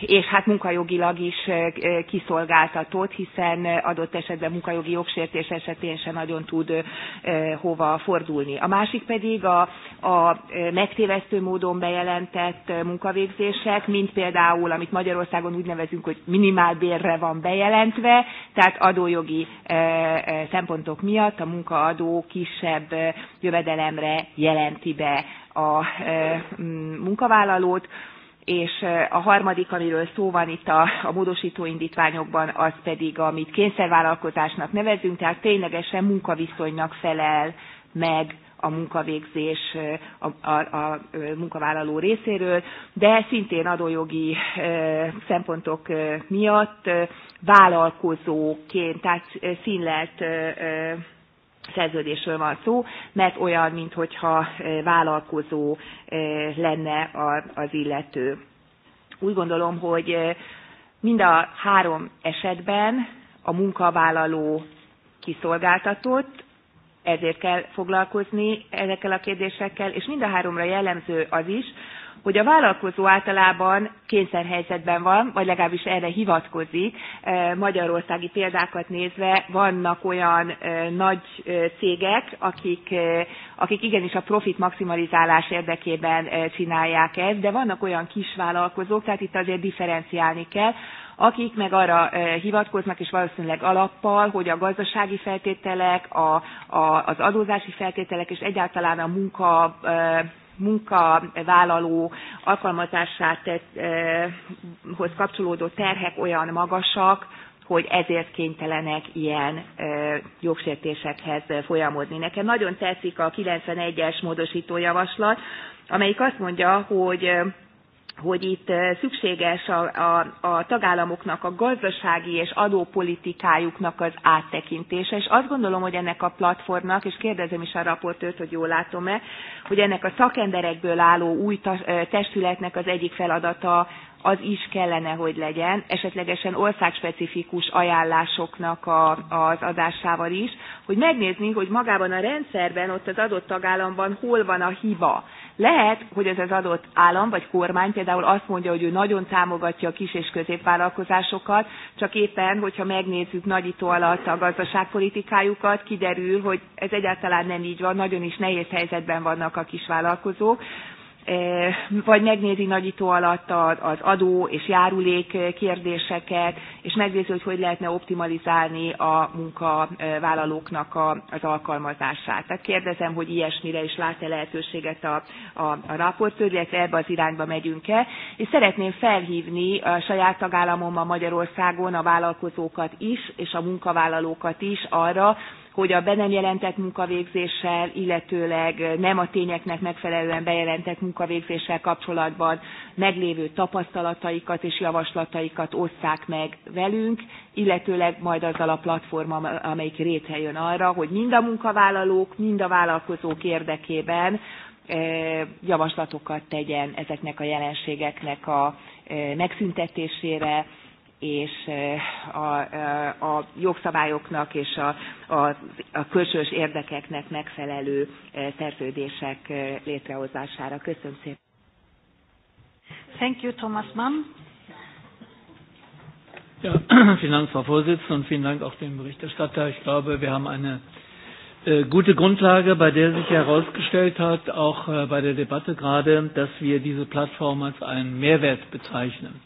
és hát munkajogilag is kiszolgáltatott, hiszen adott esetben munkajogi jogsértés esetén se nagyon tud hova fordulni. A másik pedig a, a megtévesztő módon bejelentett munkavégzések, mint például, amit Magyarországon úgy nevezünk, hogy minimálbérre van bejelentve, tehát adójogi szempontok miatt a munkaadó kisebb jövedelemre jelenti be a munkavállalót, és eh, a harmadik, amiről szó van itt a, a módosító indítványokban, az pedig, amit kényszervállalkozásnak nevezünk, tehát ténylegesen munkaviszonynak felel meg a munkavégzés eh, a, a, a munkavállaló részéről, de szintén adójogi eh, szempontok miatt vállalkozóként, tehát színlelt szerződésről van szó, mert olyan, minthogyha vállalkozó lenne az illető. Úgy gondolom, hogy mind a három esetben a munkavállaló kiszolgáltatott, ezért kell foglalkozni ezekkel a kérdésekkel, és mind a háromra jellemző az is, hogy a vállalkozó általában kényszerhelyzetben van, vagy legalábbis erre hivatkozik. Magyarországi példákat nézve vannak olyan nagy cégek, akik, akik igenis a profit maximalizálás érdekében csinálják ezt, de vannak olyan kisvállalkozók, tehát itt azért differenciálni kell, akik meg arra hivatkoznak, és valószínűleg alappal, hogy a gazdasági feltételek, a, a, az adózási feltételek, és egyáltalán a munka munkavállaló alkalmazásához eh, kapcsolódó terhek olyan magasak, hogy ezért kénytelenek ilyen ö, eh, jogsértésekhez folyamodni. Nekem nagyon tetszik a 91-es módosítójavaslat, amelyik azt mondja, hogy eh, hogy itt eh, szükséges a, a, a tagállamoknak a gazdasági és adópolitikájuknak az áttekintése, és azt gondolom, hogy ennek a platformnak, és kérdezem is a raportőrt, hogy jól látom-e, hogy ennek a szakemberekből álló új eh, testületnek az egyik feladata az is kellene, hogy legyen, esetlegesen országspecifikus ajánlásoknak a, az adásával is, hogy megnézni, hogy magában a rendszerben, ott az adott tagállamban hol van a hiba. Lehet, hogy ez az adott állam vagy kormány például azt mondja, hogy ő nagyon támogatja a kis és középvállalkozásokat, csak éppen, hogyha megnézzük nagyító alatt a gazdaságpolitikájukat, kiderül, hogy ez egyáltalán nem így van, nagyon is nehéz helyzetben vannak a kisvállalkozók. Eh, vagy megnézi nagyító alatt az adó és járulék eh, kérdéseket, és megnézi, hogy hogy lehetne optimalizálni a munkavállalóknak eh, az alkalmazását. Tehát kérdezem, hogy ilyesmire is lát-e lehetőséget a, a, a raportőr, illetve ebbe az irányba megyünk-e. És szeretném felhívni a saját tagállamomban Magyarországon a vállalkozókat is, és a munkavállalókat is arra, hogy a be nem jelentett munkavégzéssel, illetőleg nem a tényeknek megfelelően bejelentett munkavégzéssel kapcsolatban meglévő tapasztalataikat és javaslataikat osszák meg velünk, illetőleg majd azzal a platformon, amelyik rétre jön arra, hogy mind a munkavállalók, mind a vállalkozók érdekében e, javaslatokat tegyen ezeknek a jelenségeknek a e, megszüntetésére, és eh, a, eh, a jogszabályoknak és a, a, a kölcsös érdekeknek megfelelő eh, szerződések létrehozására. Köszönöm szépen. Thank you, Thomas Mann. Ja, vielen (clears throat) Dank, Frau Vorsitzende, und vielen Dank auch dem Berichterstatter. Ich glaube, wir haben eine äh, gute Grundlage, bei der sich herausgestellt hat, auch äh, bei der Debatte gerade, dass wir diese Plattform als einen Mehrwert bezeichnen.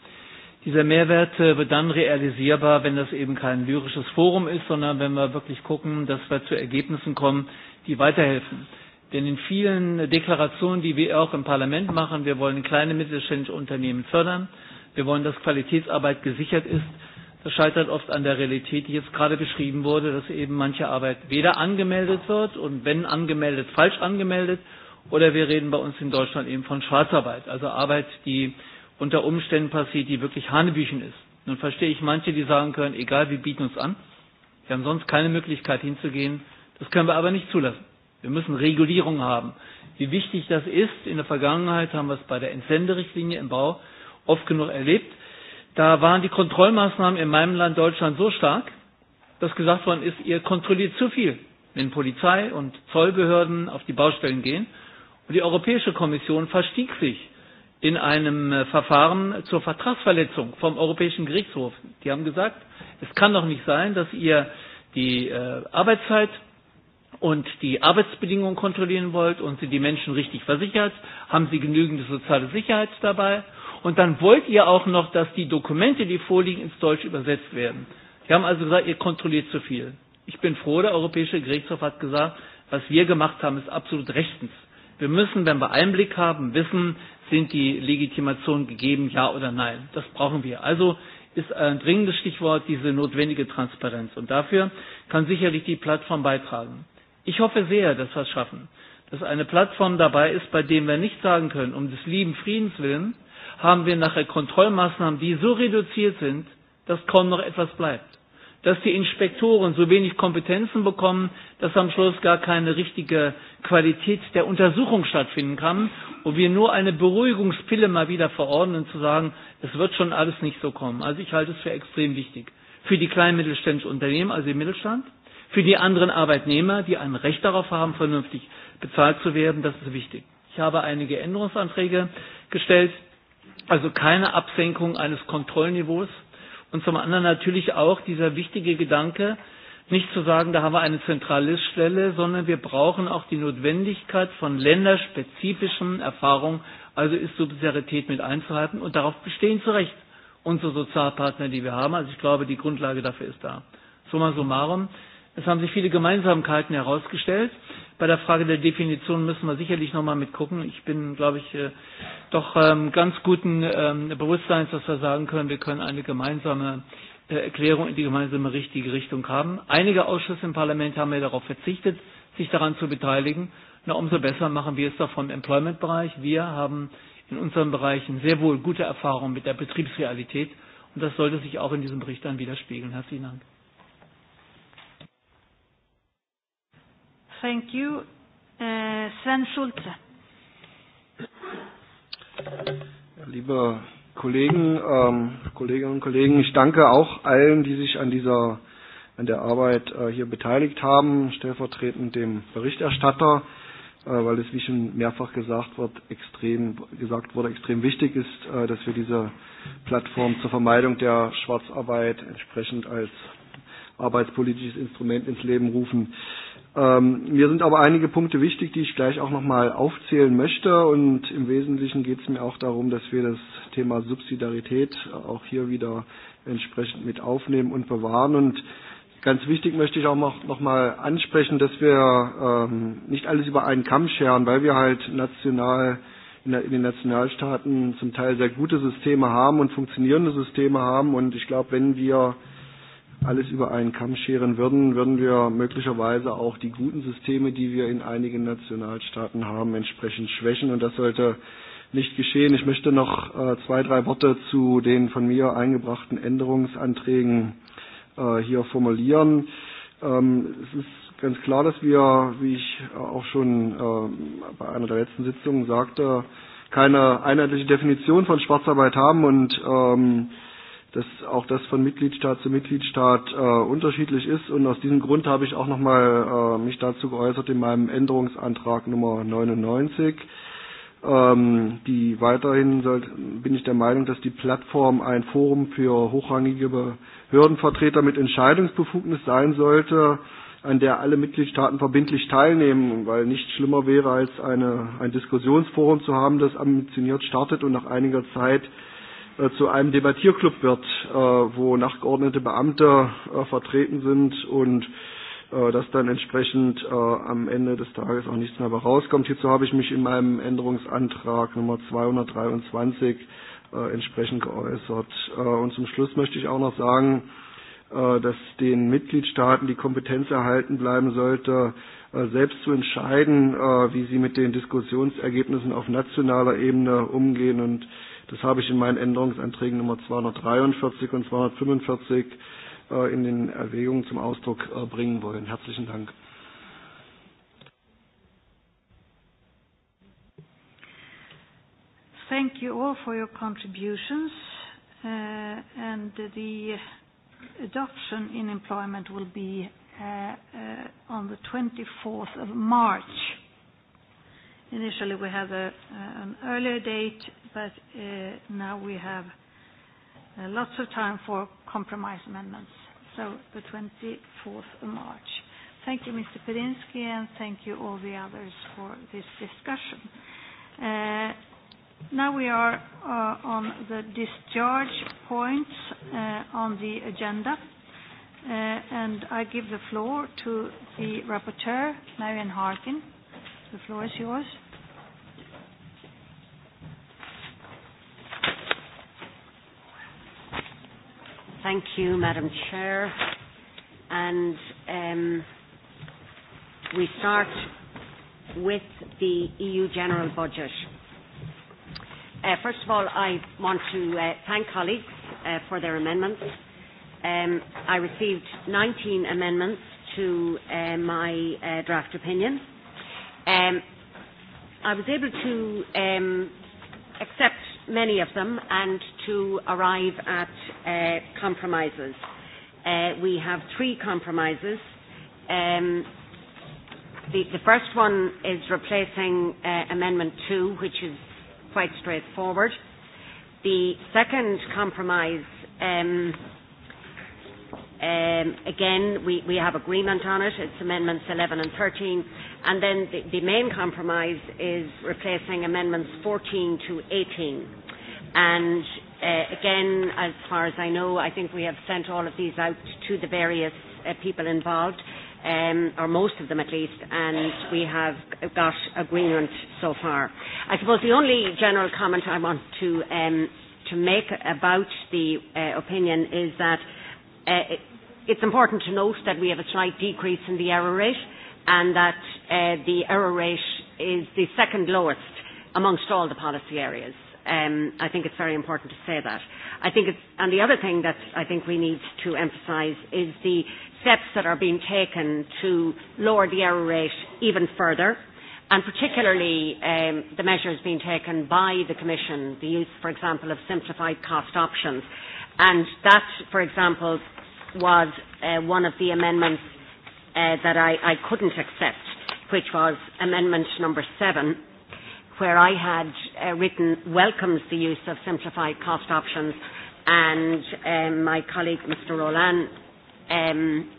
Dieser Mehrwert äh, wird dann realisierbar, wenn das eben kein lyrisches Forum ist, sondern wenn wir wirklich gucken, dass wir zu Ergebnissen kommen, die weiterhelfen. Denn in vielen Deklarationen, die wir auch im Parlament machen, wir wollen kleine mittelständische Unternehmen fördern, wir wollen, dass Qualitätsarbeit gesichert ist, das scheitert oft an der Realität, die jetzt gerade beschrieben wurde, dass eben manche Arbeit weder angemeldet wird und wenn angemeldet, falsch angemeldet, oder wir reden bei uns in Deutschland eben von Schwarzarbeit, also Arbeit, die unter Umständen passiert, die wirklich Hanebüchen ist. Nun verstehe ich manche, die sagen können, egal, wir bieten uns an. Wir haben sonst keine Möglichkeit hinzugehen. Das können wir aber nicht zulassen. Wir müssen Regulierung haben. Wie wichtig das ist, in der Vergangenheit haben wir es bei der Entsenderichtlinie im Bau oft genug erlebt. Da waren die Kontrollmaßnahmen in meinem Land Deutschland so stark, dass gesagt worden ist, ihr kontrolliert zu viel, wenn Polizei und Zollbehörden auf die Baustellen gehen. Und die Europäische Kommission verstieg sich in einem äh, Verfahren zur Vertragsverletzung vom Europäischen Gerichtshof. Die haben gesagt, es kann doch nicht sein, dass ihr die äh, Arbeitszeit und die Arbeitsbedingungen kontrollieren wollt und sie die Menschen richtig versichert, haben sie genügende soziale Sicherheit dabei und dann wollt ihr auch noch, dass die Dokumente, die vorliegen, ins Deutsche übersetzt werden. Sie haben also gesagt, ihr kontrolliert zu viel. Ich bin froh, der Europäische Gerichtshof hat gesagt, was wir gemacht haben, ist absolut rechtens. Wir müssen, wenn wir Einblick haben, wissen, sind die Legitimationen gegeben, ja oder nein. Das brauchen wir. Also ist ein dringendes Stichwort diese notwendige Transparenz. Und dafür kann sicherlich die Plattform beitragen. Ich hoffe sehr, dass wir es schaffen, dass eine Plattform dabei ist, bei dem wir nicht sagen können, um des lieben Friedens willen haben wir nachher Kontrollmaßnahmen, die so reduziert sind, dass kaum noch etwas bleibt dass die Inspektoren so wenig Kompetenzen bekommen, dass am Schluss gar keine richtige Qualität der Untersuchung stattfinden kann und wir nur eine Beruhigungspille mal wieder verordnen, zu sagen, es wird schon alles nicht so kommen. Also ich halte es für extrem wichtig. Für die kleinen mittelständischen Unternehmen, also den Mittelstand, für die anderen Arbeitnehmer, die ein Recht darauf haben, vernünftig bezahlt zu werden, das ist wichtig. Ich habe einige Änderungsanträge gestellt, also keine Absenkung eines Kontrollniveaus, Und zum anderen natürlich auch dieser wichtige Gedanke, nicht zu sagen, da haben wir eine Zentraliststelle, sondern wir brauchen auch die Notwendigkeit von länderspezifischen Erfahrungen, also ist Subsidiarität mit einzuhalten und darauf bestehen zu Recht unsere Sozialpartner, die wir haben. Also ich glaube, die Grundlage dafür ist da. Summa summarum, Es haben sich viele Gemeinsamkeiten herausgestellt. Bei der Frage der Definition müssen wir sicherlich nochmal mitgucken. Ich bin, glaube ich, äh, doch ähm, ganz guten ähm, Bewusstseins, dass wir sagen können, wir können eine gemeinsame äh, Erklärung in die gemeinsame richtige Richtung haben. Einige Ausschüsse im Parlament haben ja darauf verzichtet, sich daran zu beteiligen. Na, umso besser machen wir es doch vom Employment-Bereich. Wir haben in unseren Bereichen sehr wohl gute Erfahrungen mit der Betriebsrealität. Und das sollte sich auch in diesem Bericht dann widerspiegeln. Herzlichen Dank. Thank you. Uh, Sven Schulze. Liebe Kollegen, ähm, Kolleginnen und Kollegen, ich danke auch allen, die sich an dieser an der Arbeit äh, hier beteiligt haben, stellvertretend dem Berichterstatter, äh, weil es, wie schon mehrfach gesagt wird, extrem gesagt wurde, extrem wichtig ist, äh, dass wir diese Plattform zur Vermeidung der Schwarzarbeit entsprechend als arbeitspolitisches Instrument ins Leben rufen. Äh, Ähm, mir sind aber einige Punkte wichtig, die ich gleich auch nochmal aufzählen möchte. Und im Wesentlichen geht es mir auch darum, dass wir das Thema Subsidiarität auch hier wieder entsprechend mit aufnehmen und bewahren. Und ganz wichtig möchte ich auch noch, noch mal ansprechen, dass wir ähm, nicht alles über einen Kamm scheren, weil wir halt national in, der, in den Nationalstaaten zum Teil sehr gute Systeme haben und funktionierende Systeme haben. Und ich glaube, wenn wir äh, alles über einen Kamm scheren würden, würden wir möglicherweise auch die guten Systeme, die wir in einigen Nationalstaaten haben, entsprechend schwächen. Und das sollte nicht geschehen. Ich möchte noch äh, zwei, drei Worte zu den von mir eingebrachten Änderungsanträgen äh, hier formulieren. Ähm, es ist ganz klar, dass wir, wie ich auch schon äh, bei einer der letzten Sitzungen sagte, keine einheitliche Definition von Schwarzarbeit haben und ähm, dass auch das von Mitgliedstaat zu Mitgliedstaat äh, unterschiedlich ist. Und aus diesem Grund habe ich auch nochmal äh, mich dazu geäußert in meinem Änderungsantrag Nummer 99. Ähm, die weiterhin soll, bin ich der Meinung, dass die Plattform ein Forum für hochrangige Behördenvertreter mit Entscheidungsbefugnis sein sollte, an der alle Mitgliedstaaten verbindlich teilnehmen, weil nichts schlimmer wäre, als eine, ein Diskussionsforum zu haben, das ambitioniert startet und nach einiger Zeit äh, Äh, zu einem Debattierclub wird, äh, wo nachgeordnete Beamte äh, vertreten sind und äh, dass dann entsprechend äh, am Ende des Tages auch nichts mehr rauskommt. Hierzu habe ich mich in meinem Änderungsantrag Nummer 223 äh, entsprechend geäußert. Äh, und zum Schluss möchte ich auch noch sagen, äh, dass den Mitgliedstaaten die Kompetenz erhalten bleiben sollte, äh, selbst zu entscheiden, äh, wie sie mit den Diskussionsergebnissen auf nationaler Ebene umgehen und äh, Das habe ich in meinen Änderungsanträgen Nummer 243 und 245 äh, in den Erwägungen zum Ausdruck äh, bringen wollen. Herzlichen Dank. Thank you all for your contributions, uh, and the adoption in employment will be uh, uh, on the 24th of March. Initially, we had a, uh, an earlier date, but uh, now we have uh, lots of time for compromise amendments, so the 24th of March. Thank you, Mr. Pirinski, and thank you all the others for this discussion. Uh, now we are uh, on the discharge points uh, on the agenda, uh, and I give the floor to the rapporteur, Marian Harkin. The floor is yours. Thank you, Madam Chair. And um, we start with the EU general budget. Uh, first of all, I want to uh, thank colleagues uh, for their amendments. Um, I received 19 amendments to uh, my uh, draft opinion. Um, I was able to um, accept many of them and to arrive at uh, compromises. Uh, we have three compromises. Um, the, the first one is replacing uh, Amendment 2, which is quite straightforward. The second compromise, um, um, again, we, we have agreement on it. It's Amendments 11 and 13. And then the, the main compromise is replacing Amendments 14 to 18. And Uh, again, as far as I know, I think we have sent all of these out to the various uh, people involved, um, or most of them at least, and we have got agreement so far. I suppose the only general comment I want to um, to make about the uh, opinion is that uh, it, it's important to note that we have a slight decrease in the error rate, and that uh, the error rate is the second lowest amongst all the policy areas. Um, I think it's very important to say that. I think it's, and the other thing that I think we need to emphasise is the steps that are being taken to lower the error rate even further, and particularly um, the measures being taken by the Commission, the use, for example, of simplified cost options. And that, for example, was uh, one of the amendments uh, that I, I couldn't accept, which was amendment number seven where I had uh, written welcomes the use of simplified cost options, and um, my colleague Mr. Roland um,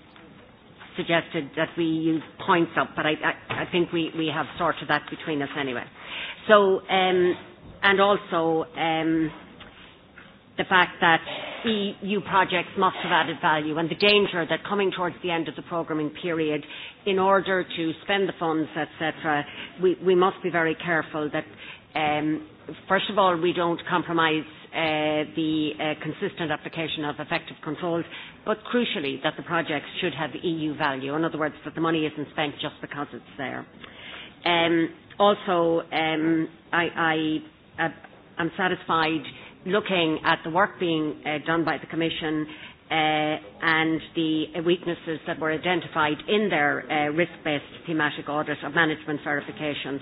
suggested that we use points up, but I, I, I think we, we have sorted that between us anyway. So, um, and also um, the fact that EU projects must have added value and the danger that coming towards the end of the programming period, in order to spend the funds, etc., we, we must be very careful that, um, first of all, we don't compromise uh, the uh, consistent application of effective controls, but crucially that the projects should have EU value. In other words, that the money isn't spent just because it's there. Um, also, um, I, I, uh, I'm satisfied looking at the work being uh, done by the Commission uh, uh, and the weaknesses that were identified in their uh, risk-based thematic audit of management verifications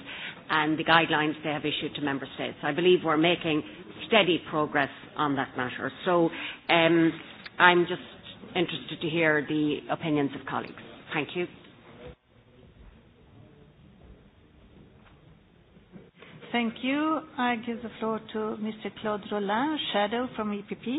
and the guidelines they have issued to member states. I believe we're making steady progress on that matter. So um, I'm just interested to hear the opinions of colleagues. Thank you. Thank you. I give the floor to Mr. Claude Rollin, shadow from EPP.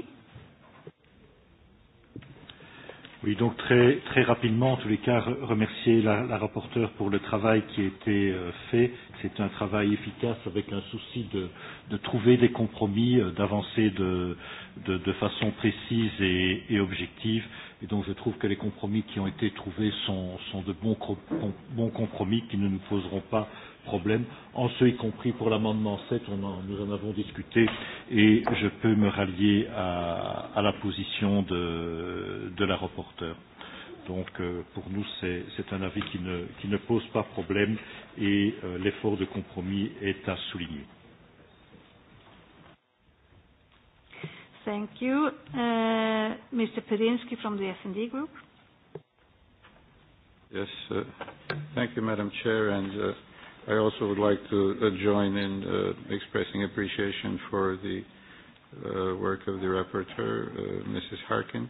Oui, donc très, très rapidement, en tous les cas, remercier la, la rapporteure pour le travail qui a été euh, fait. C'est un travail efficace avec un souci de, de trouver des compromis, euh, d'avancer de, de, de façon précise et, et objective. Et donc je trouve que les compromis qui ont été trouvés sont, sont de bons, bons compromis qui ne nous poseront pas problème, en ce y compris pour l'amendement 7, on en, nous en avons discuté et je peux me rallier à, à la position de, de la rapporteure. Donc euh, pour nous, c'est un avis qui ne, qui ne pose pas problème et euh, l'effort de compromis est à souligner. Thank you. Uh, Mr. Pedinsky from the S&D Group. Yes, uh, thank you, Madam Chair, and uh, I also would like to uh, join in uh, expressing appreciation for the uh, work of the rapporteur, uh, Mrs. Harkin,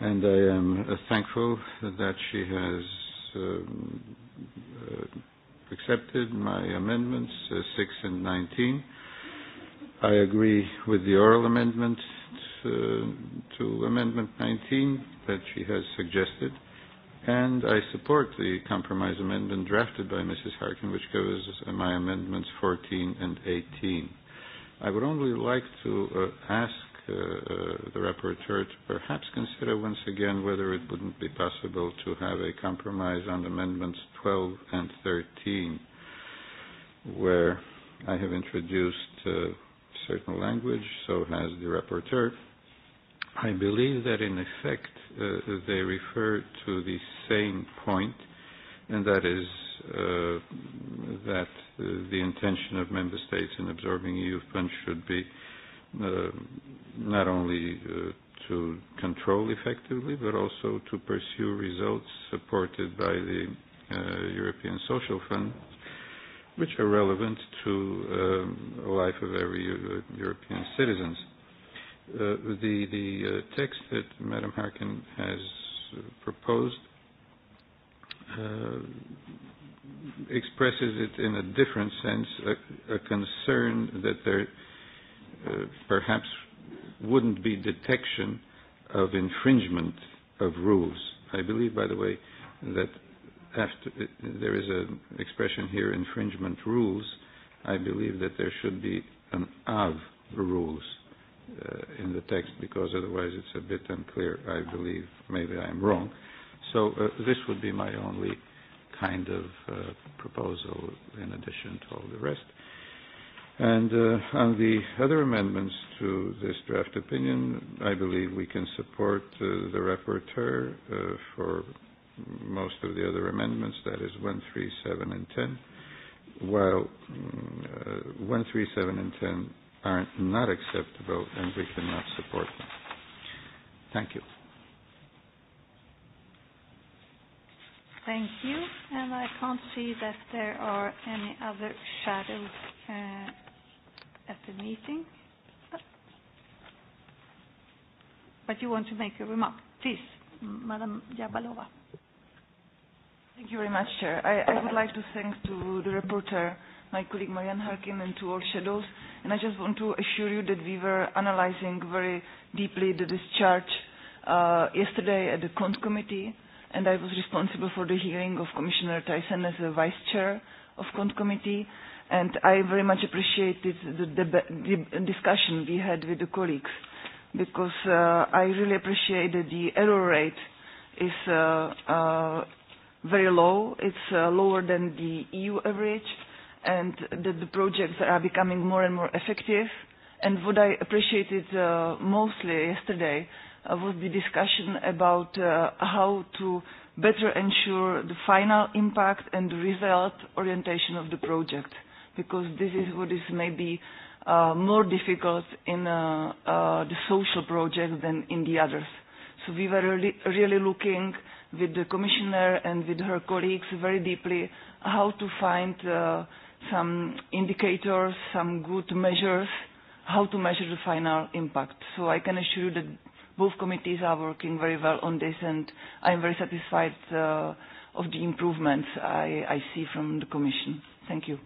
and I am uh, thankful that she has um, uh, accepted my amendments uh, 6 and 19. I agree with the oral amendment to, uh, to Amendment 19 that she has suggested. Uh, and I support the compromise amendment drafted by Mrs. Harkin, which covers my amendments 14 and 18. I would only like to uh, ask uh, uh, the rapporteur to perhaps consider once again whether it wouldn't be possible to have a compromise on amendments 12 and 13, where I have introduced uh, certain language, so has the rapporteur. Uh, I believe that in effect uh, they refer to the same point, and that is uh, that uh, the intention of member states in absorbing EU funds should be uh, not only uh, to control effectively, but also to pursue results supported by the uh, European Social Fund, which are relevant to um, the life of every uh, European citizens. Uh, Uh, the the uh, text that Madam Harkin has uh, proposed uh, expresses it in a different sense, a, a concern that there uh, perhaps wouldn't be detection of infringement of rules. I believe, by the way, that after uh, there is an expression here, infringement rules. I believe that there should be an of rules uh, in the text because otherwise it's a bit unclear, I believe. Maybe I'm wrong. So uh, this would be my only kind of uh, proposal in addition to all the rest. And uh, on the other amendments to this draft opinion, I believe we can support uh, the rapporteur uh, for most of the other amendments, that is 1, 3, 7, and 10, while um, uh, 1, 3, 7, and 10 are not acceptable and we cannot support them. Thank you. Thank you. And I can't see that there are any other shadows uh, at the meeting. But you want to make a remark. Please, Madam Jabalova. Thank you very much, Chair. I, I would like to thank to the reporter, my colleague Marianne Harkin, and to all shadows. Uh, And I just want to assure you that we were analyzing very deeply the discharge uh, yesterday at the CONT committee, and I was responsible for the hearing of Commissioner Tyson as a vice chair of CONT committee. And I very much appreciated the, the, the discussion we had with the colleagues because uh, I really appreciate that the error rate is uh, uh, very low. It's uh, lower than the EU average and that the projects are becoming more and more effective. And what I appreciated uh, mostly yesterday uh, was the discussion about uh, how to better ensure the final impact and the result orientation of the project, because this is what is maybe uh, more difficult in uh, uh, the social project than in the others. So we were really, really looking with the commissioner and with her colleagues very deeply how to find uh, some indicators, some good measures how to measure the final impact. So I can assure you that both committees are working very well on this, and I'm very satisfied uh, of the improvements I, I see from the Commission. Thank you.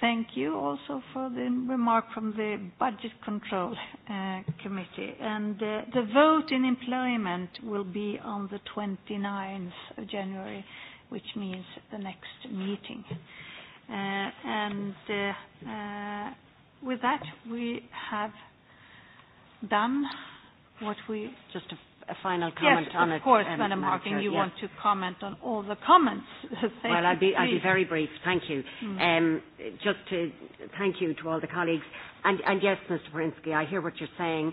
Thank you also for the remark from the Budget Control uh, Committee. And, uh, the vote in employment will be on the 29th of January which means the next meeting. Uh, and uh, uh, with that, we have done what we- Just a, a final comment yes, on it. Yes, of course, um, Madam Harking, Chair, you yes. want to comment on all the comments. (laughs) Thank well, you. Well, I'll be, I'll be very brief. Thank you. Mm. Um, just to thank you to all the colleagues. And, and yes, Mr. Pirinski, I hear what you're saying.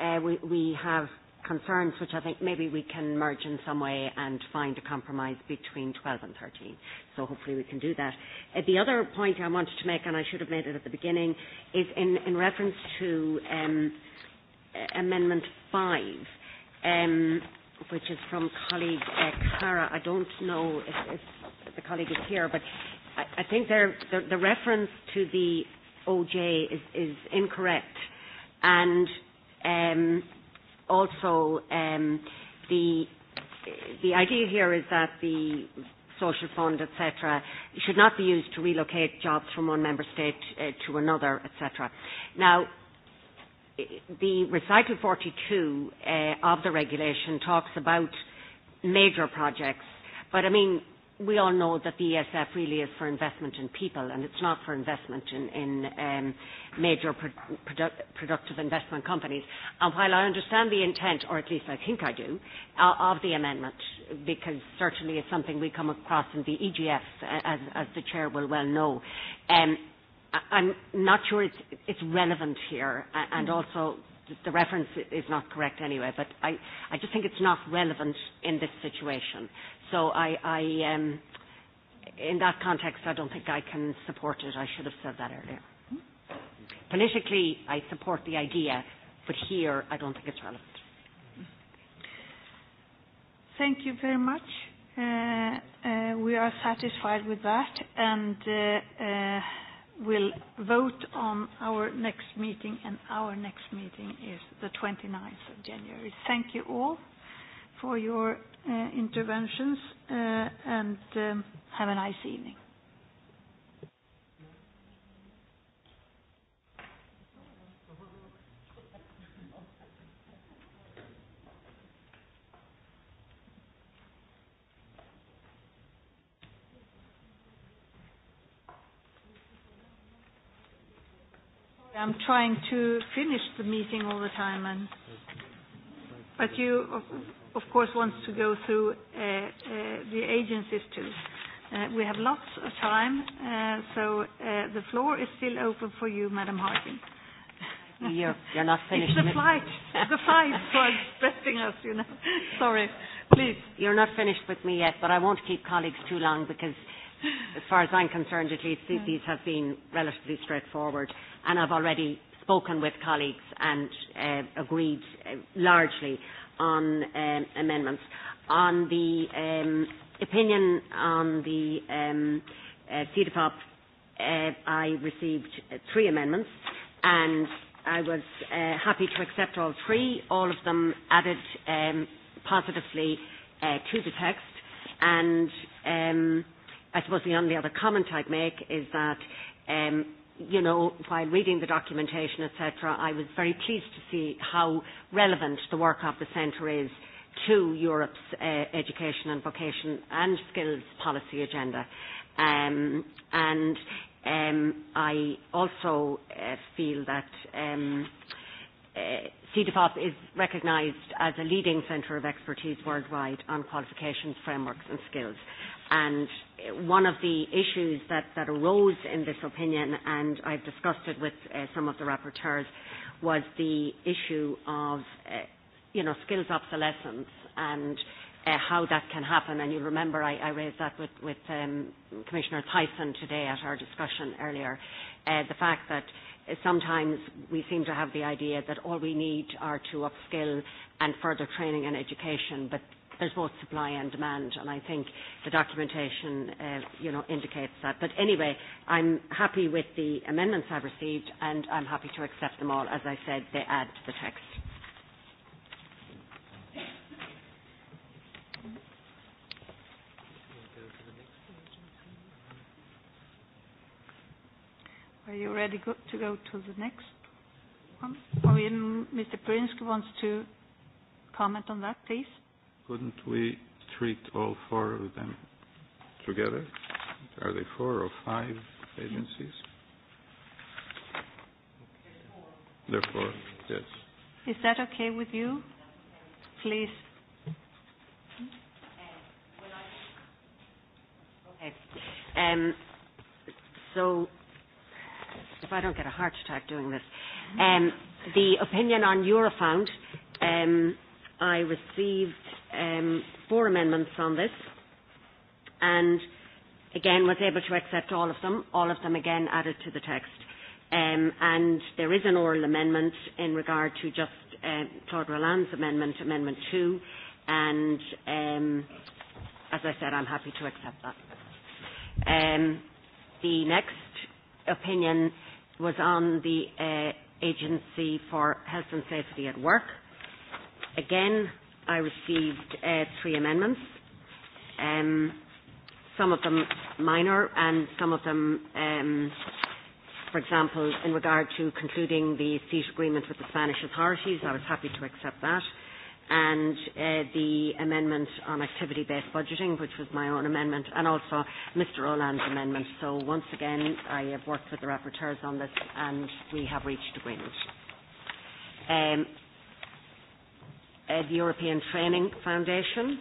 Uh, we, we have concerns, which I think maybe we can merge in some way and find a compromise between 12 and 13. So hopefully we can do that. Uh, the other point I wanted to make, and I should have made it at the beginning, is in, in reference to um, uh, Amendment 5, um, which is from colleague uh, Cara. I don't know if, if the colleague is here, but I, I think there, the, the reference to the OJ is, is incorrect. And um, also um, the the idea here is that the social fund, etc., should not be used to relocate jobs from one member state uh, to another, etc. Now, the recital 42 uh, of the regulation talks about major projects, but I mean we all know that the ESF really is for investment in people and it's not for investment in, in um, major pro- produ- productive investment companies. And while I understand the intent, or at least I think I do, uh, of the amendment, because certainly it's something we come across in the EGF, as, as the chair will well know, um, I- I'm not sure it's, it's relevant here and mm-hmm. also the reference is not correct anyway, but I, I just think it's not relevant in this situation. So I, I um, in that context, I don't think I can support it. I should have said that earlier. Politically, I support the idea, but here I don't think it's relevant. Thank you very much. Uh, uh, we are satisfied with that, and uh, uh we'll vote on our next meeting, and our next meeting is the 29th of January. Thank you all for your Uh, interventions, uh, and um, have a nice evening. I'm trying to finish the meeting all the time, and but you of course, wants to go through uh, uh, the agencies too. Uh, we have lots of time, uh, so uh, the floor is still open for you, Madam Harkin. You're, you're not finished. (laughs) It's the flight. the flight for expressing (laughs) us, you know. Sorry. Please. You're not finished with me yet, but I won't keep colleagues too long because as far as I'm concerned, at least, yeah. these have been relatively straightforward, and I've already spoken with colleagues and uh, agreed uh, largely on um, amendments. On the um, opinion on the um, uh, CEDAPOP, uh, I received uh, three amendments and I was uh, happy to accept all three. All of them added um, positively uh, to the text and um, I suppose the only other comment I'd make is that um, you know, while reading the documentation, etc., I was very pleased to see how relevant the work of the centre is to Europe's uh, education and vocation and skills policy agenda. Um, and um, I also uh, feel that um, uh, CDFOP is recognised as a leading centre of expertise worldwide on qualifications, frameworks and skills. And one of the issues that, that arose in this opinion, and I've discussed it with uh, some of the rapporteurs, was the issue of, uh, you know, skills obsolescence and uh, how that can happen. And you remember I, I raised that with, with um, Commissioner Tyson today at our discussion earlier, uh, the fact that sometimes we seem to have the idea that all we need are to upskill and further training and education, but there's both supply and demand, and I think the documentation, uh, you know, indicates that. But anyway, I'm happy with the amendments I've received, and I'm happy to accept them all. As I said, they add to the text. Are you ready go to go to the next one? Or Mr. Pirinski wants to comment on that, please. Couldn't we treat all four of them together? Are they four or five agencies? Therefore, yes. Is that okay with you? Please. Um, so, if I don't get a heart attack doing this, um, the opinion on Eurofound, um, I received um, four amendments on this and again was able to accept all of them, all of them again added to the text. Um, and there is an oral amendment in regard to just uh, Claude Roland's amendment, Amendment 2, and um, as I said, I'm happy to accept that. Um, the next opinion was on the uh, Agency for Health and Safety at Work. Again, I received uh, three amendments, um, some of them minor and some of them, um, for example, in regard to concluding the seat agreement with the Spanish authorities, I was happy to accept that. And uh, the amendment on activity-based budgeting, which was my own amendment, and also Mr. Oland's amendment. So once again, I have worked with the rapporteurs on this, and we have reached agreement. Um, uh, the European Training Foundation.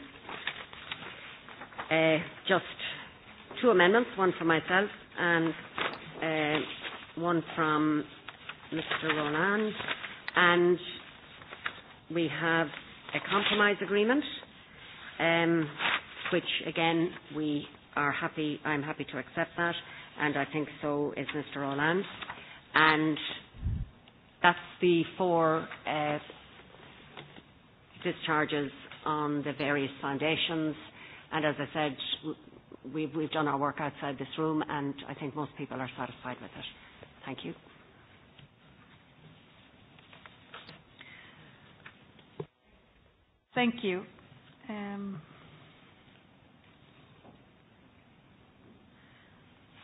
Uh, just two amendments, one for myself and uh, one from Mr. Roland. And we have a compromise agreement, um, which again we are happy, I'm happy to accept that, and I think so is Mr. Roland. And that's the four uh, discharges on the various foundations. And as I said, we've, we've done our work outside this room, and I think most people are satisfied with it. Thank you. Thank you. Um,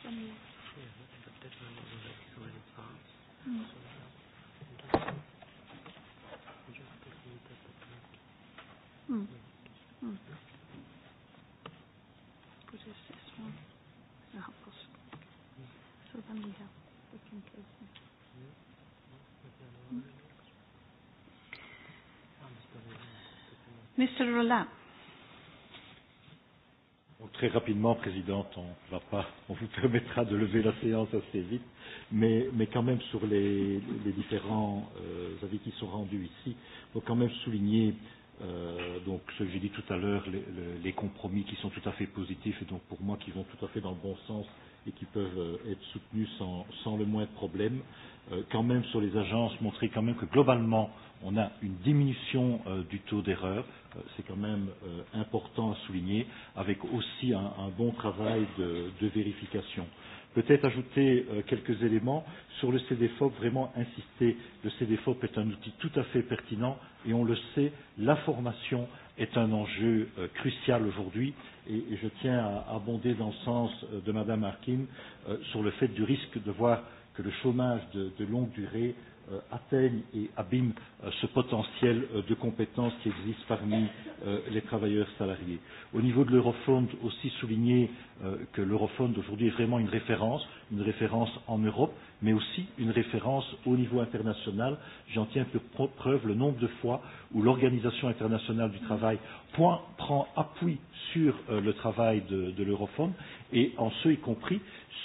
let me Mr. Roland. Donc, très rapidement, Présidente, on, va pas, on vous permettra de lever la séance assez vite, mais, mais quand même sur les, les différents euh, avis qui sont rendus ici, il faut quand même souligner Euh, donc ce que j'ai dit tout à l'heure, les, les compromis qui sont tout à fait positifs et donc pour moi qui vont tout à fait dans le bon sens et qui peuvent euh, être soutenus sans, sans le moindre problème. Euh, quand même sur les agences, montrer quand même que globalement on a une diminution euh, du taux d'erreur, euh, c'est quand même euh, important à souligner, avec aussi un, un bon travail de, de vérification peut-être ajouter euh, quelques éléments sur le CDFOP, vraiment insister. Le CDFOP est un outil tout à fait pertinent et on le sait, la formation est un enjeu euh, crucial aujourd'hui et, et je tiens à abonder dans le sens euh, de Madame Harkin euh, sur le fait du risque de voir que le chômage de, de longue durée Euh, atteignent et abîment euh, ce potentiel euh, de compétences qui existe parmi les travailleurs salariés. Au niveau de l'Eurofound, aussi souligner que l'Eurofound aujourd'hui est vraiment une référence, une référence en Europe, mais aussi une référence au niveau international. J'en tiens pour preuve le nombre de fois où l'Organisation internationale du travail point, prend appui sur euh, le travail de, de l'Eurofound et en ce y compris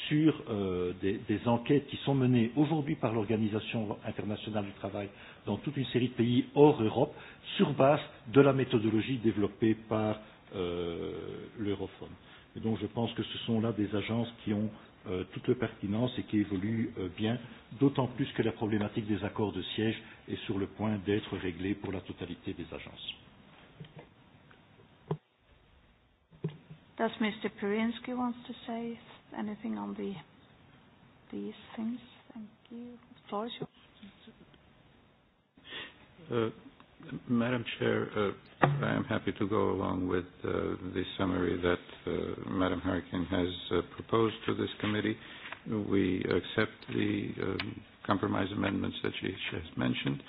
sur euh, des, des enquêtes qui sont menées aujourd'hui par l'Organisation internationale du travail dans toute une série de pays hors Europe sur base de la méthodologie développée par euh, l'Europhone. Et donc je pense que ce sont là des agences qui ont euh, toute leur pertinence et qui évoluent euh, bien, d'autant plus que la problématique des accords de siège est sur le point d'être réglée pour la totalité des agences. Does Mr. Perinsky wants to say anything on the these things? Thank you. The floor is yours. Uh, Madam Chair, uh, I am happy to go along with uh, the summary that uh, Madam Harkin has uh, proposed to this committee. We accept the um, compromise amendments that she, she has mentioned.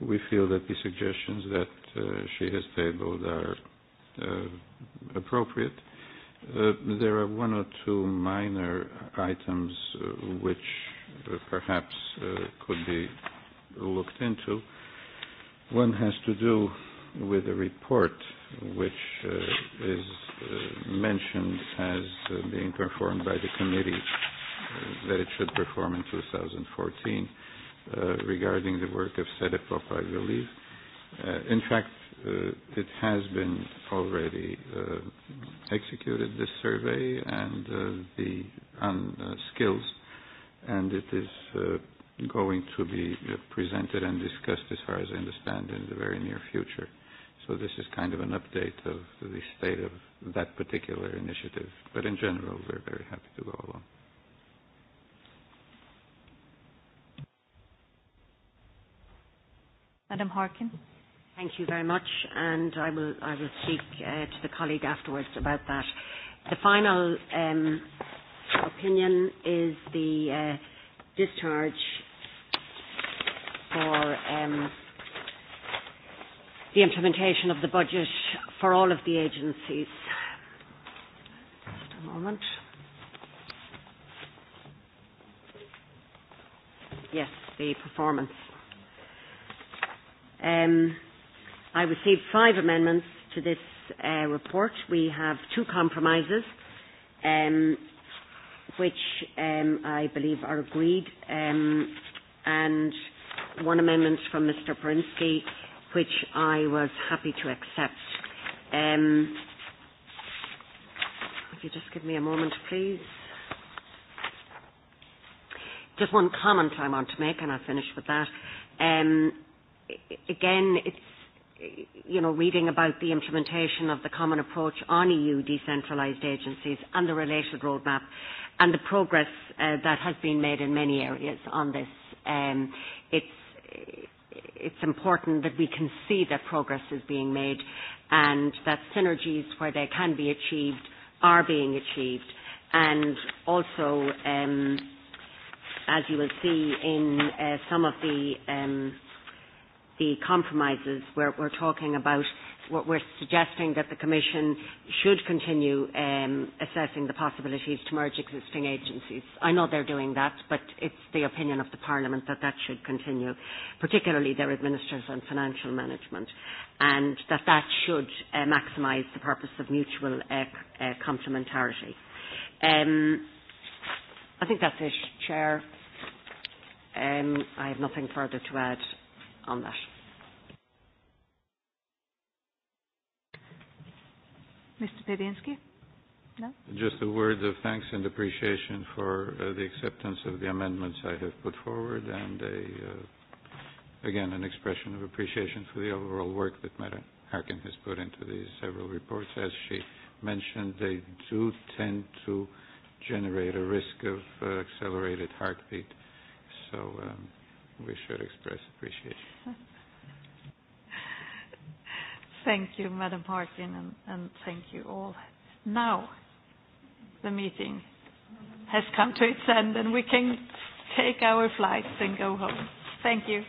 We feel that the suggestions that uh, she has tabled are uh, appropriate. Uh, Uh, there are one or two minor items uh, which uh, perhaps uh, could be looked into. One has to do with a report which uh, is uh, mentioned as being performed by the committee that it should perform in 2014 regarding the work of Sedefop, I believe. In fact, uh, it has been already uh, executed, this survey, and uh, the on, uh, skills, and it is uh, going to be uh, presented and discussed, as far as I understand, in the very near future. So this is kind of an update of the state of that particular initiative. But in general, we're very happy to go along. Madam Harkin. Thank you very much, and I will, I will speak uh, to the colleague afterwards about that. The final um, opinion is the uh, discharge for um, the implementation of the budget for all of the agencies. Just a moment. Yes, the performance. Um, I received five amendments to this uh, report. We have two compromises, um, which um, I believe are agreed, um, and one amendment from Mr. Perinsky, which I was happy to accept. Um, if you just give me a moment, please. Just one comment I want to make, and I'll finish with that. Um, again, it's you know, reading about the implementation of the common approach on EU decentralised agencies and the related roadmap and the progress uh, that has been made in many areas on this. Um, it's, it's important that we can see that progress is being made and that synergies where they can be achieved are being achieved. And also, um, as you will see in uh, some of the um, the compromises where we're talking about we're suggesting that the Commission should continue um, assessing the possibilities to merge existing agencies. I know they're doing that, but it's the opinion of the Parliament that that should continue, particularly their administrators and financial management, and that that should uh, maximise the purpose of mutual uh, uh, complementarity. Um, I think that's it, Chair. Um, I have nothing further to add anders. Mr. Pedinsky? No? Just a word of thanks and appreciation for uh, the acceptance of the amendments I have put forward and a, uh, again, an expression of appreciation for the overall work that Meta Harkin has put into these several reports. As she mentioned, they do tend to generate a risk of uh, accelerated heartbeat. So um, we should express appreciation. (laughs) thank you, Madam Harkin, and, and thank you all. Now, the meeting has come to its end, and we can take our flights and go home. Thank you.